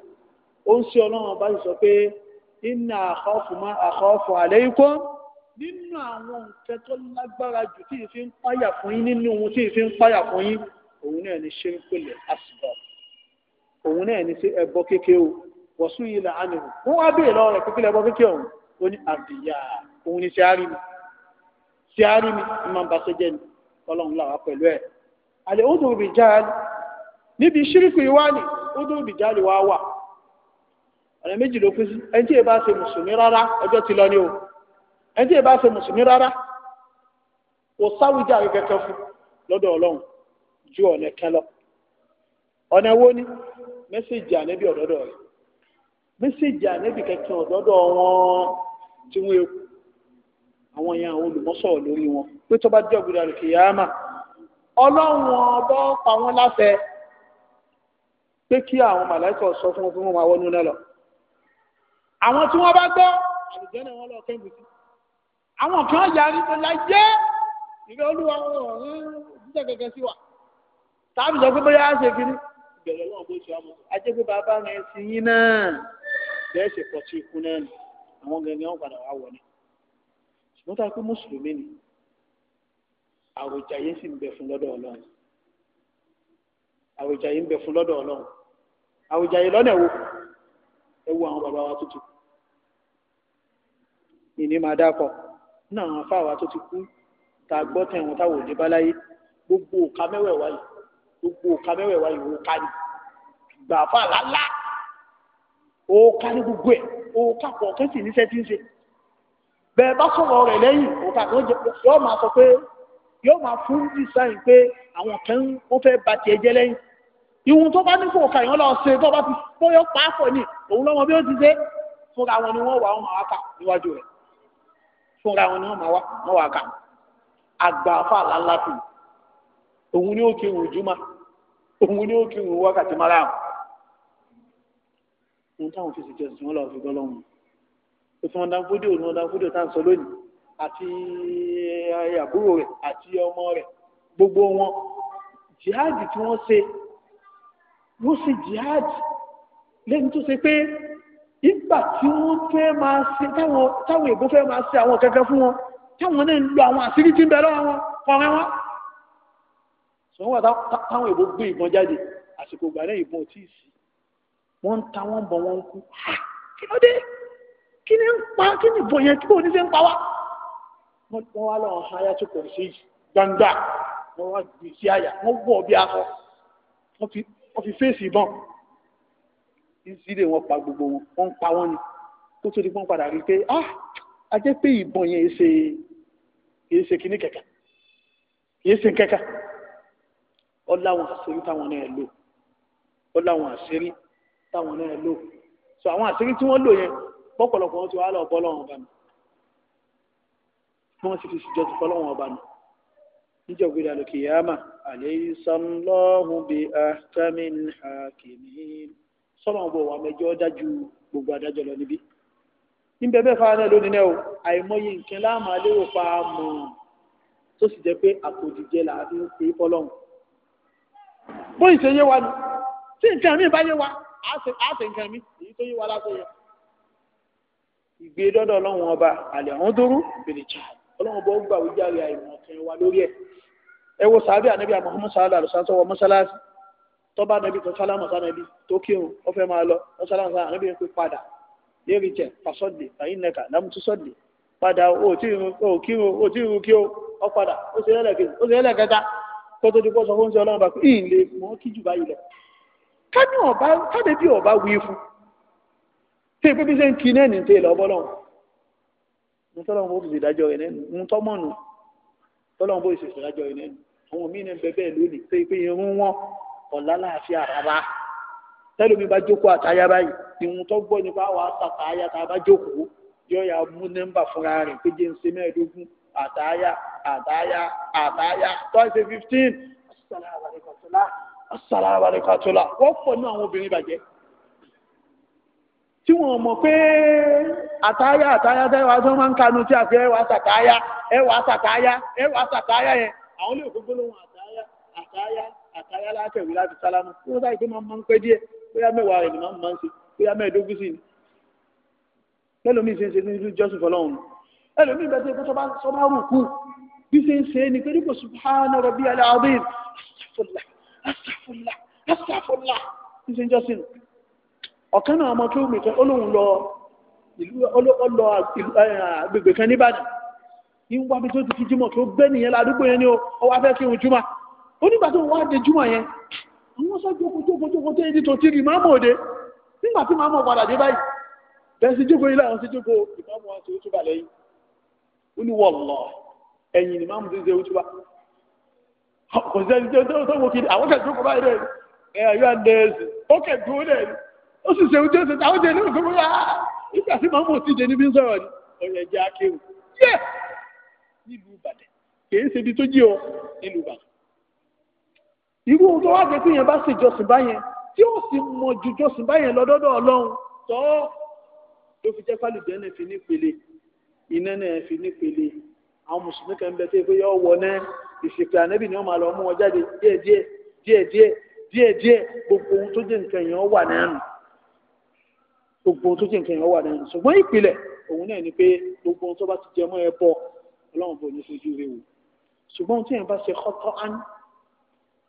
S1: ó ń ṣe ọlọ́run bá sì sọ pé inna akhafu ma akhafu alaykum nínú àwọn nǹkan tó lágbára jù tí ìfi ń páyà fún yín nínú ohun tí ìfi ń páyà fún yín òun náà ni ṣe ń pèlè àsìbà òun náà ni ṣe ẹbọ kékeré o wọ̀sùn yìí là á nì hù wọ́n wá béèrè lọ́wọ́ rẹ̀ pípẹ́ ẹbọ kékeré òun ó ní àbíyá òun ni ṣe á rí mi ṣe á rí mi ní máa ń ba sọ́jẹ́ ni ọlọ́run làwà pẹ̀lú ẹ̀ àlẹ́ ó dùn bìjà níbi ṣíríkù ìwá ni ó dùn bìjà wá wà ọ̀nà méjì ló pín sí ẹni tí ì bá ṣe mùsùlùmí rárá ọjọ́ ti lọ ni o ẹni tí ẹ bá ṣe mùsùlùmí rárá kò sáwùjáre kẹkẹ fún lọ́dọ̀ ọlọ́run ju ọ̀nà kan lọ ọ̀nà wo ni mẹ́sẹ̀jì ànẹ́bí ọ̀dọ́dọ̀ rẹ̀ mẹ́sẹ̀jì ànẹ́bí kẹkẹ ọ̀dọ́dọ̀ wọn tí wọ́n eku àwọn yẹn àwọn olùmọ́sọ̀rọ̀ lórí wọn pé tó bá jẹ́ ògùdà rẹ̀ kìyàmà ọlọ́run ọba pa wọn láṣẹ pé kí àwọn màláìkọ̀ sọ fún wọn fún wọn máa wọnú náà lọ àwọn tí wọ́n bá gbọ́ àlùjẹ́ náà wọ́n lọ kẹ́ǹbù àwọn kan yarí tó la jẹ́ ìgbà olúwa ọ̀hún jíjẹ́ kẹ̀kẹ́ sí wa tàbí sọ pé bóyá ṣe kiri bẹ̀rẹ̀ lọ́wọ́ bó ṣe àmọ̀ ajé pé bàbá mi ti yín náà bẹ́ẹ̀ ṣe pọ̀ sí ikú náà ni àwọn gẹ̀gẹ́ wọn padà wá wọlé ṣùgbọ́n tá a pé mùsùlùmí ni àròjàyé sì ń bẹ fún lọ́dọ̀ ọlọ́run àròjàyé ń bẹ fún lọ́dọ̀ ọlọ́run àròjàyé lọ́nà ẹ̀wò ẹ̀wò àwọn bàbá wa tuntun ìní máa dákọ̀ọ́ náà àwọn afáwa tó ti kú tá a gbọ́ tẹ̀wọ̀n táwọn òde bá láyé gbogbo òka mẹ́wẹ̀ẹ̀wá yìí gbogbo òka mẹ́wẹ̀ẹ̀wá yìí òka ni ìgbà àfa lálá òka ní gbogbo ẹ̀ òka kọ̀ọ̀kan sì níṣẹ́ tí ń ṣe bẹ́ẹ̀ bá sọ̀rọ̀ rẹ̀ lẹ́yìn òka kan yóò máa sọ pé yóò máa fún dísáìn pé àwọn kan wọ́n fẹ́ ba tiẹ̀ jẹ́ lẹ́yìn ìhun tó bá ní kó ka yẹn lọ ṣe tó bá ti bóyá pàápọ̀ ni òun lọ́mọ bí ó ti ṣe fúnra wọn ni wọ́n wà wọn àwọn aka níwájú rẹ̀ fúnra wọn ni wọ́n máa wá wọ́n wà kà àgbà fàlà ńlá sí i òun ni ó kí ìrùn jùmọ̀ òun ni ó kí ìrùn wákàtí mara àwọn ohun táwọn fi ṣètò ẹ̀sìn wọn lọ́wọ́ fi gbọ́ lọ́wọ́ òfin ọ̀dà fódíò ní ọ̀dà fódíò tá à ń sọ lónìí àti eh, àbúrò rẹ̀ àti ọmọ rẹ̀ gbogbo wọn jihad tí wọ́n ṣe wọ́n ṣe jihad lẹ́yìn tó ṣe pé ìgbà tí wọ́n fẹ́ máa ṣe táwọn ègbó fẹ́ máa ṣe àwọn kẹ́kẹ́ fún wọn táwọn náà ń lo àwọn àṣírí tí ń bẹ lọ́wọ́ wọn wọn sọ wọ́n gbé ìbọn jáde àsìkò ìgbà náà ìbọn tí ì sí wọ́n ń ta wọ́n bọ̀ wọ́n ń kú kí ló dé kí ni ń pa kí ni ìbọn yẹn kí ló ní ṣe ń pa wá wọ́n wá lọ́wọ́ háyá tó kọ̀ sí gbangba wọ́n wá gbèsè àyà wọ́n ìsílẹ̀ wọn pa gbogbo wọn pa wọn ni kó tó di pọ́n padà rí i pé ah a jẹ́ pé ìbọn yẹn ṣe kìí ṣe kìíní kẹ̀kẹ́ kìí ṣe kẹ̀kẹ́ ó láwọn àṣírí táwọn náà lò ó láwọn àṣírí táwọn náà lò so àwọn àṣírí tí wọ́n lò yẹn pọ̀pọ̀lọpọ̀ wọn ti wá lọ bọ́ lọ́wọ́n ọba nù sì fi ṣìjọ ti fọ́ lọ́wọ́n ọba nù níjọ́ yàrá mà àlẹ́ sàmlọ́hùn bíi àtàmì hàkìmí sọ́nà ọ̀bọ̀ wà mẹ́jọ dájú gbogbo adájọ́ lọ níbí níbẹ̀ bẹ́ẹ̀ fáwọn náà lónìí náà o àìmọye nǹkan láàmú alérò pa á mọ̀ tó sì jẹ́ pé àpòjìjẹ là á fi ń pè é fọlọ́hún bóyì ṣe yé wa ni tí nǹkan mi bá yé wa á ṣe nǹkan mi èyí tó yé wa lásán yẹn ìgbé dọ́dọ̀ ọlọ́run ọba àlẹ́ ọ̀hún dúró bèlè jà ọlọ́run ọba ó gbà wíjà rẹ̀ àìmọ̀ ọ̀kẹ́ wa lórí ẹ̀ ẹ wo sàábì ànábì Muhammad mọ́sálásí tọ́ba nẹbi tó sálámù sánẹbi tó kírun ó fẹ́ máa lọ ó sálámù sánẹbi nẹbi pé padà lérí jẹ pàṣọdì fàyín nẹka lámùtúṣọdì padà ó tí irun kí ó ọ padà ó ṣe ẹlẹ́kẹta kó tó di kó sọ fún ṣe ọlọ́run bá pé ìyìn lè mọ́ kí jù báyìí lọ. kádébí ọba wí fún tí ìpé bí ṣe ń kí náà ní tẹ́ ìlọ bọ́lọ́run mo tọ́lọ́run bó fi ṣèdájọ́ rẹ̀ nẹ́nu mo tọ́mọ̀nù tọ́lọ́run bó fi ṣèdájọ́ rẹ̀ nẹ́nu àwọn míì ọ̀la láàfin àràbà tẹ́lómi bá jókòó àtàyà báyìí ìwọ̀n tó gbọ́ nípa wà á sàtàyà tá a bá jókòó yóò yà mú nẹ́mbà fúnra rẹ̀ pé jẹ́ ǹsẹ́ mẹ́ẹ̀ẹ́dógún àtàyà àtàyà àtàyà tọ́sí fifteen asalaamualeykum asalaamualeykum atola wọ́n pọ̀ ní àwọn obìnrin bàjẹ́ tí wọ́n mọ̀ pé àtàyà àtàyà tẹ́ wàá tó máa ń kanu tí a fi ẹ wàá sàtàyà ẹ wàá sàtàyà ẹ wàá sàtàyà yẹn àwọn olè àtàrà látẹ̀wé láti sálámù tí wọ́n sáyé máa ń pẹ́ díẹ̀ bóyá mẹ́wàá rẹ̀ ni máa ń máa ń ṣe bóyá mẹ́ẹ̀ẹ́dógún sí ni lẹ́lòmíì ṣe ń ṣe nínú jọ́sìn fọlọ́run lẹ́lòmíì bẹ́ẹ̀ ṣe pé sọ́bà rù kú bí ṣe ń ṣe ni pé dípò subhana rabbi al-azim astaghfirullah astaghfirullah astaghfirullah bí ṣe ń jọ́sìn ọ̀kan náà ọmọ tó mìkan kan ó wá fẹ́ kí n onígbà tó wá dé júmọ̀ yẹn àwọn sọ́jú okojókojókó tó yẹ tó ti rí máàmù òde nígbà tí máàmù padà dé báyìí bẹ́ẹ̀ sí jókòó ilé àwọn sí jókòó
S2: ìmáàmù wọn ti túbà lẹ́yìn
S1: ó ní ẹ̀yìn ni máàmù ti ṣe túbà kò sí ẹni tó wọ́n kiri àwọn kẹ̀ jókòó báyìí rẹ̀ ẹ̀ ayọ́ àdẹ́ẹ̀sì ó kẹ̀ dúró rẹ̀ ó sì ṣe oúnjẹ ṣe táwọn jẹ nínú gbogbo yàrá nígbà tí máàmù ti jẹ níbi ni ọ̀yẹ̀ jẹ́ akéwù
S2: yẹ́ nílùú
S1: Ìbàdàn kì í ṣe ibi tó jí ọ nílùú Ìbàdàn irú ohun tó wá jẹ́ pé yẹn bá sì jọsìn báyẹn tí ó sì mọ ju jọsìn báyẹn lọ́dọ́dọ̀ ọlọ́run tọ́ ló fi jẹ́ fálùjẹ́ náà fi nípele iná náà fi nípele àwọn mùsùlùmí kan bẹ tẹ́ pé yọ wọ náà ìsìnkú ànábì ni wọ́n máa lọ mú wọn jáde díẹ̀díẹ̀ díẹ̀díẹ̀ díẹ̀díẹ̀ gbogbo ohun tó jẹ́ nǹkan èèyàn wà nínú gbogbo ohun tó jẹ́ nǹkan èèyàn wà nínú ṣùgbọ́n ìpìlẹ̀ òun náà ni pé gbogbo ohun tó bá ti jẹ mọ́ ẹ bọ ọlọ́run bò ní fojú rẹ wò ṣùgbọ́n ohun tí èèyàn bá ṣe kọ́kọ́ á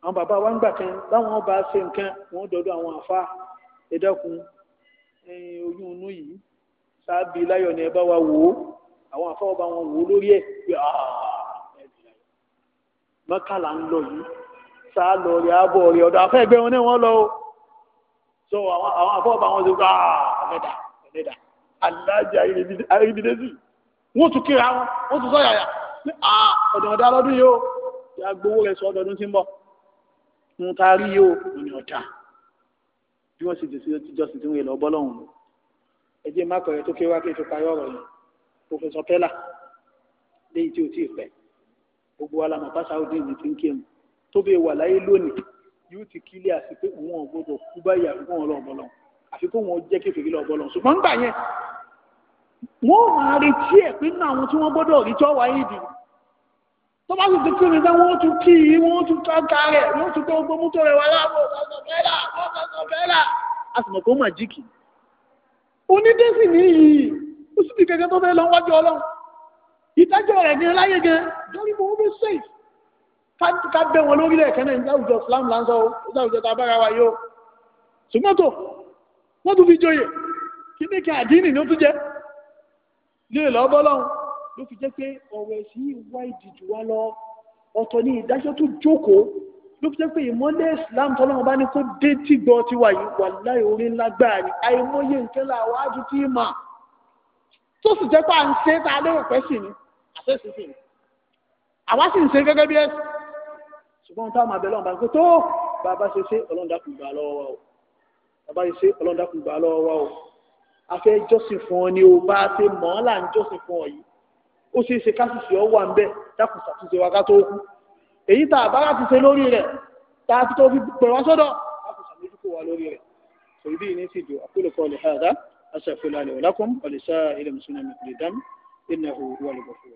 S1: àwọn bàbá wa ń gbà kan láwọn bá ṣe nǹkan wọn dọ̀dọ̀ àwọn àfa ẹ̀dẹ́kun oyún inú yìí sábì láyọ̀ ni ẹ bá wa wò ó àwọn àfa ọba wọn wò ó lórí ẹ̀ pé mọ́kànlá ń lọ yìí sáà lọ rí abọ́ rí ọ̀dọ̀ afẹ́ ẹgbẹ́ wọn náà wọ́n lọ o so àwọn afọ ọba wọn ṣe gbà ọ̀nẹ́dà ọ̀nẹ́dà alájà ayélujáfẹ́ wọ́n tún kíra wọn wọ́n tún sọ yàyà ọ̀dọ̀ ọ̀dọ̀ alọ́dún yìí ó yàgbówó rẹ̀ sọ ọdọọdún tí ń bọ̀ ń ta rí yóò ní ọ̀dà bí wọ́n sì ti sí jọ́sìn tí wọ́n yẹ lọ bọ́ lọ́hùn ún ẹ jẹ́ má kọ̀ọ̀yẹ́ tó kéwàá kí n fi parí ọ̀rọ̀ yìí pòfẹ́sọ̀ pẹ́lá léyìí tí ò tíì pẹ́ gbogbo alamọ̀ pásáròdì ní ti ń kí ẹ̀mú tó bẹ́ẹ̀ wà láyé lónìí yóò ti kílé àti pé òun ò gbọdọ̀ kú báyìí àfikún wọn lọ́ọ̀ bọ́lọ̀ àfikún wọn jẹ́ kéfèé lọ́ọ̀ bọ́lọ̀ ṣùgbọ́n gbà yẹn wọ́n máa retí ẹ̀ pé tó bá sì ti kí mi tán wọ́n tún kí i wọ́n tún ká ká rẹ̀ wọ́n tún tó gbogbo mútó rẹ̀ wá
S2: láàbọ̀ ọ̀sọ̀fẹ́là ọ̀sọ̀fẹ́là
S1: a sì mọ̀ pé ó mà jíkì. onídẹ́sì ní yìí ó sì ti kẹ̀kẹ́ tó fẹ́ lọ wájú ọlọ́run ìdájọ́ rẹ̀ ní láyé gan lórí mo wọ́n ṣe ká bẹ́ wọn lórí lẹ́ẹ̀kan náà láwùjọ Islam lánṣọ́ láwùjọ ta bára wa yóò ṣùgbọ́n tó wọ́n tún fi joyè kí ní kí àdínì ló tún jẹ́ lè lọ́ ló fi jẹ́ pé ọ̀rọ̀ ẹ̀sìn yìí wá ìdìjú wa lọ ọ̀tọ̀ ní ìdájọ́ tó jókòó ló fi jẹ́ pé ìmọ́lẹ̀ Islam tọ́lọ́mọ bá ní kó dé tìgbọ́ tiwa yìí wà láì orí ńlá gbáà ni àìmọye nǹkan là wá ju tí mà tó sì jẹ́ pé à ń ṣe tá a lérò pẹ́ sí ni àṣẹ́sì sí ni àwa sì ń ṣe gẹ́gẹ́ bí ẹ̀sìn ṣùgbọ́n táwọn àbẹ̀lẹ́ ọ̀bà pé tó bàbá ṣe ṣe ọlọ́ndàkùn gbà lọ́wọ́ wa o bàbá ṣe ṣe ọlọ́ndàkùn gbà lọ́wọ́ wa o a fẹ́ ó ṣe é ṣe káṣíṣe ọ wà ń bẹ dákùn ṣàtúnṣe wa ká tó kú èyí tá a bá láti ṣe lórí rẹ̀ tá a ti tó fi pè wá sọ́dọ̀ dákùn ṣàmójúkú wa lórí rẹ̀ torí bí ní sídò àkólòkọ lè hàdá aṣàfihàn
S2: àlè ọlákùn ọlẹṣà ilẹ mùsùlùmí ìdám ìnáwó wà lọgbọfọ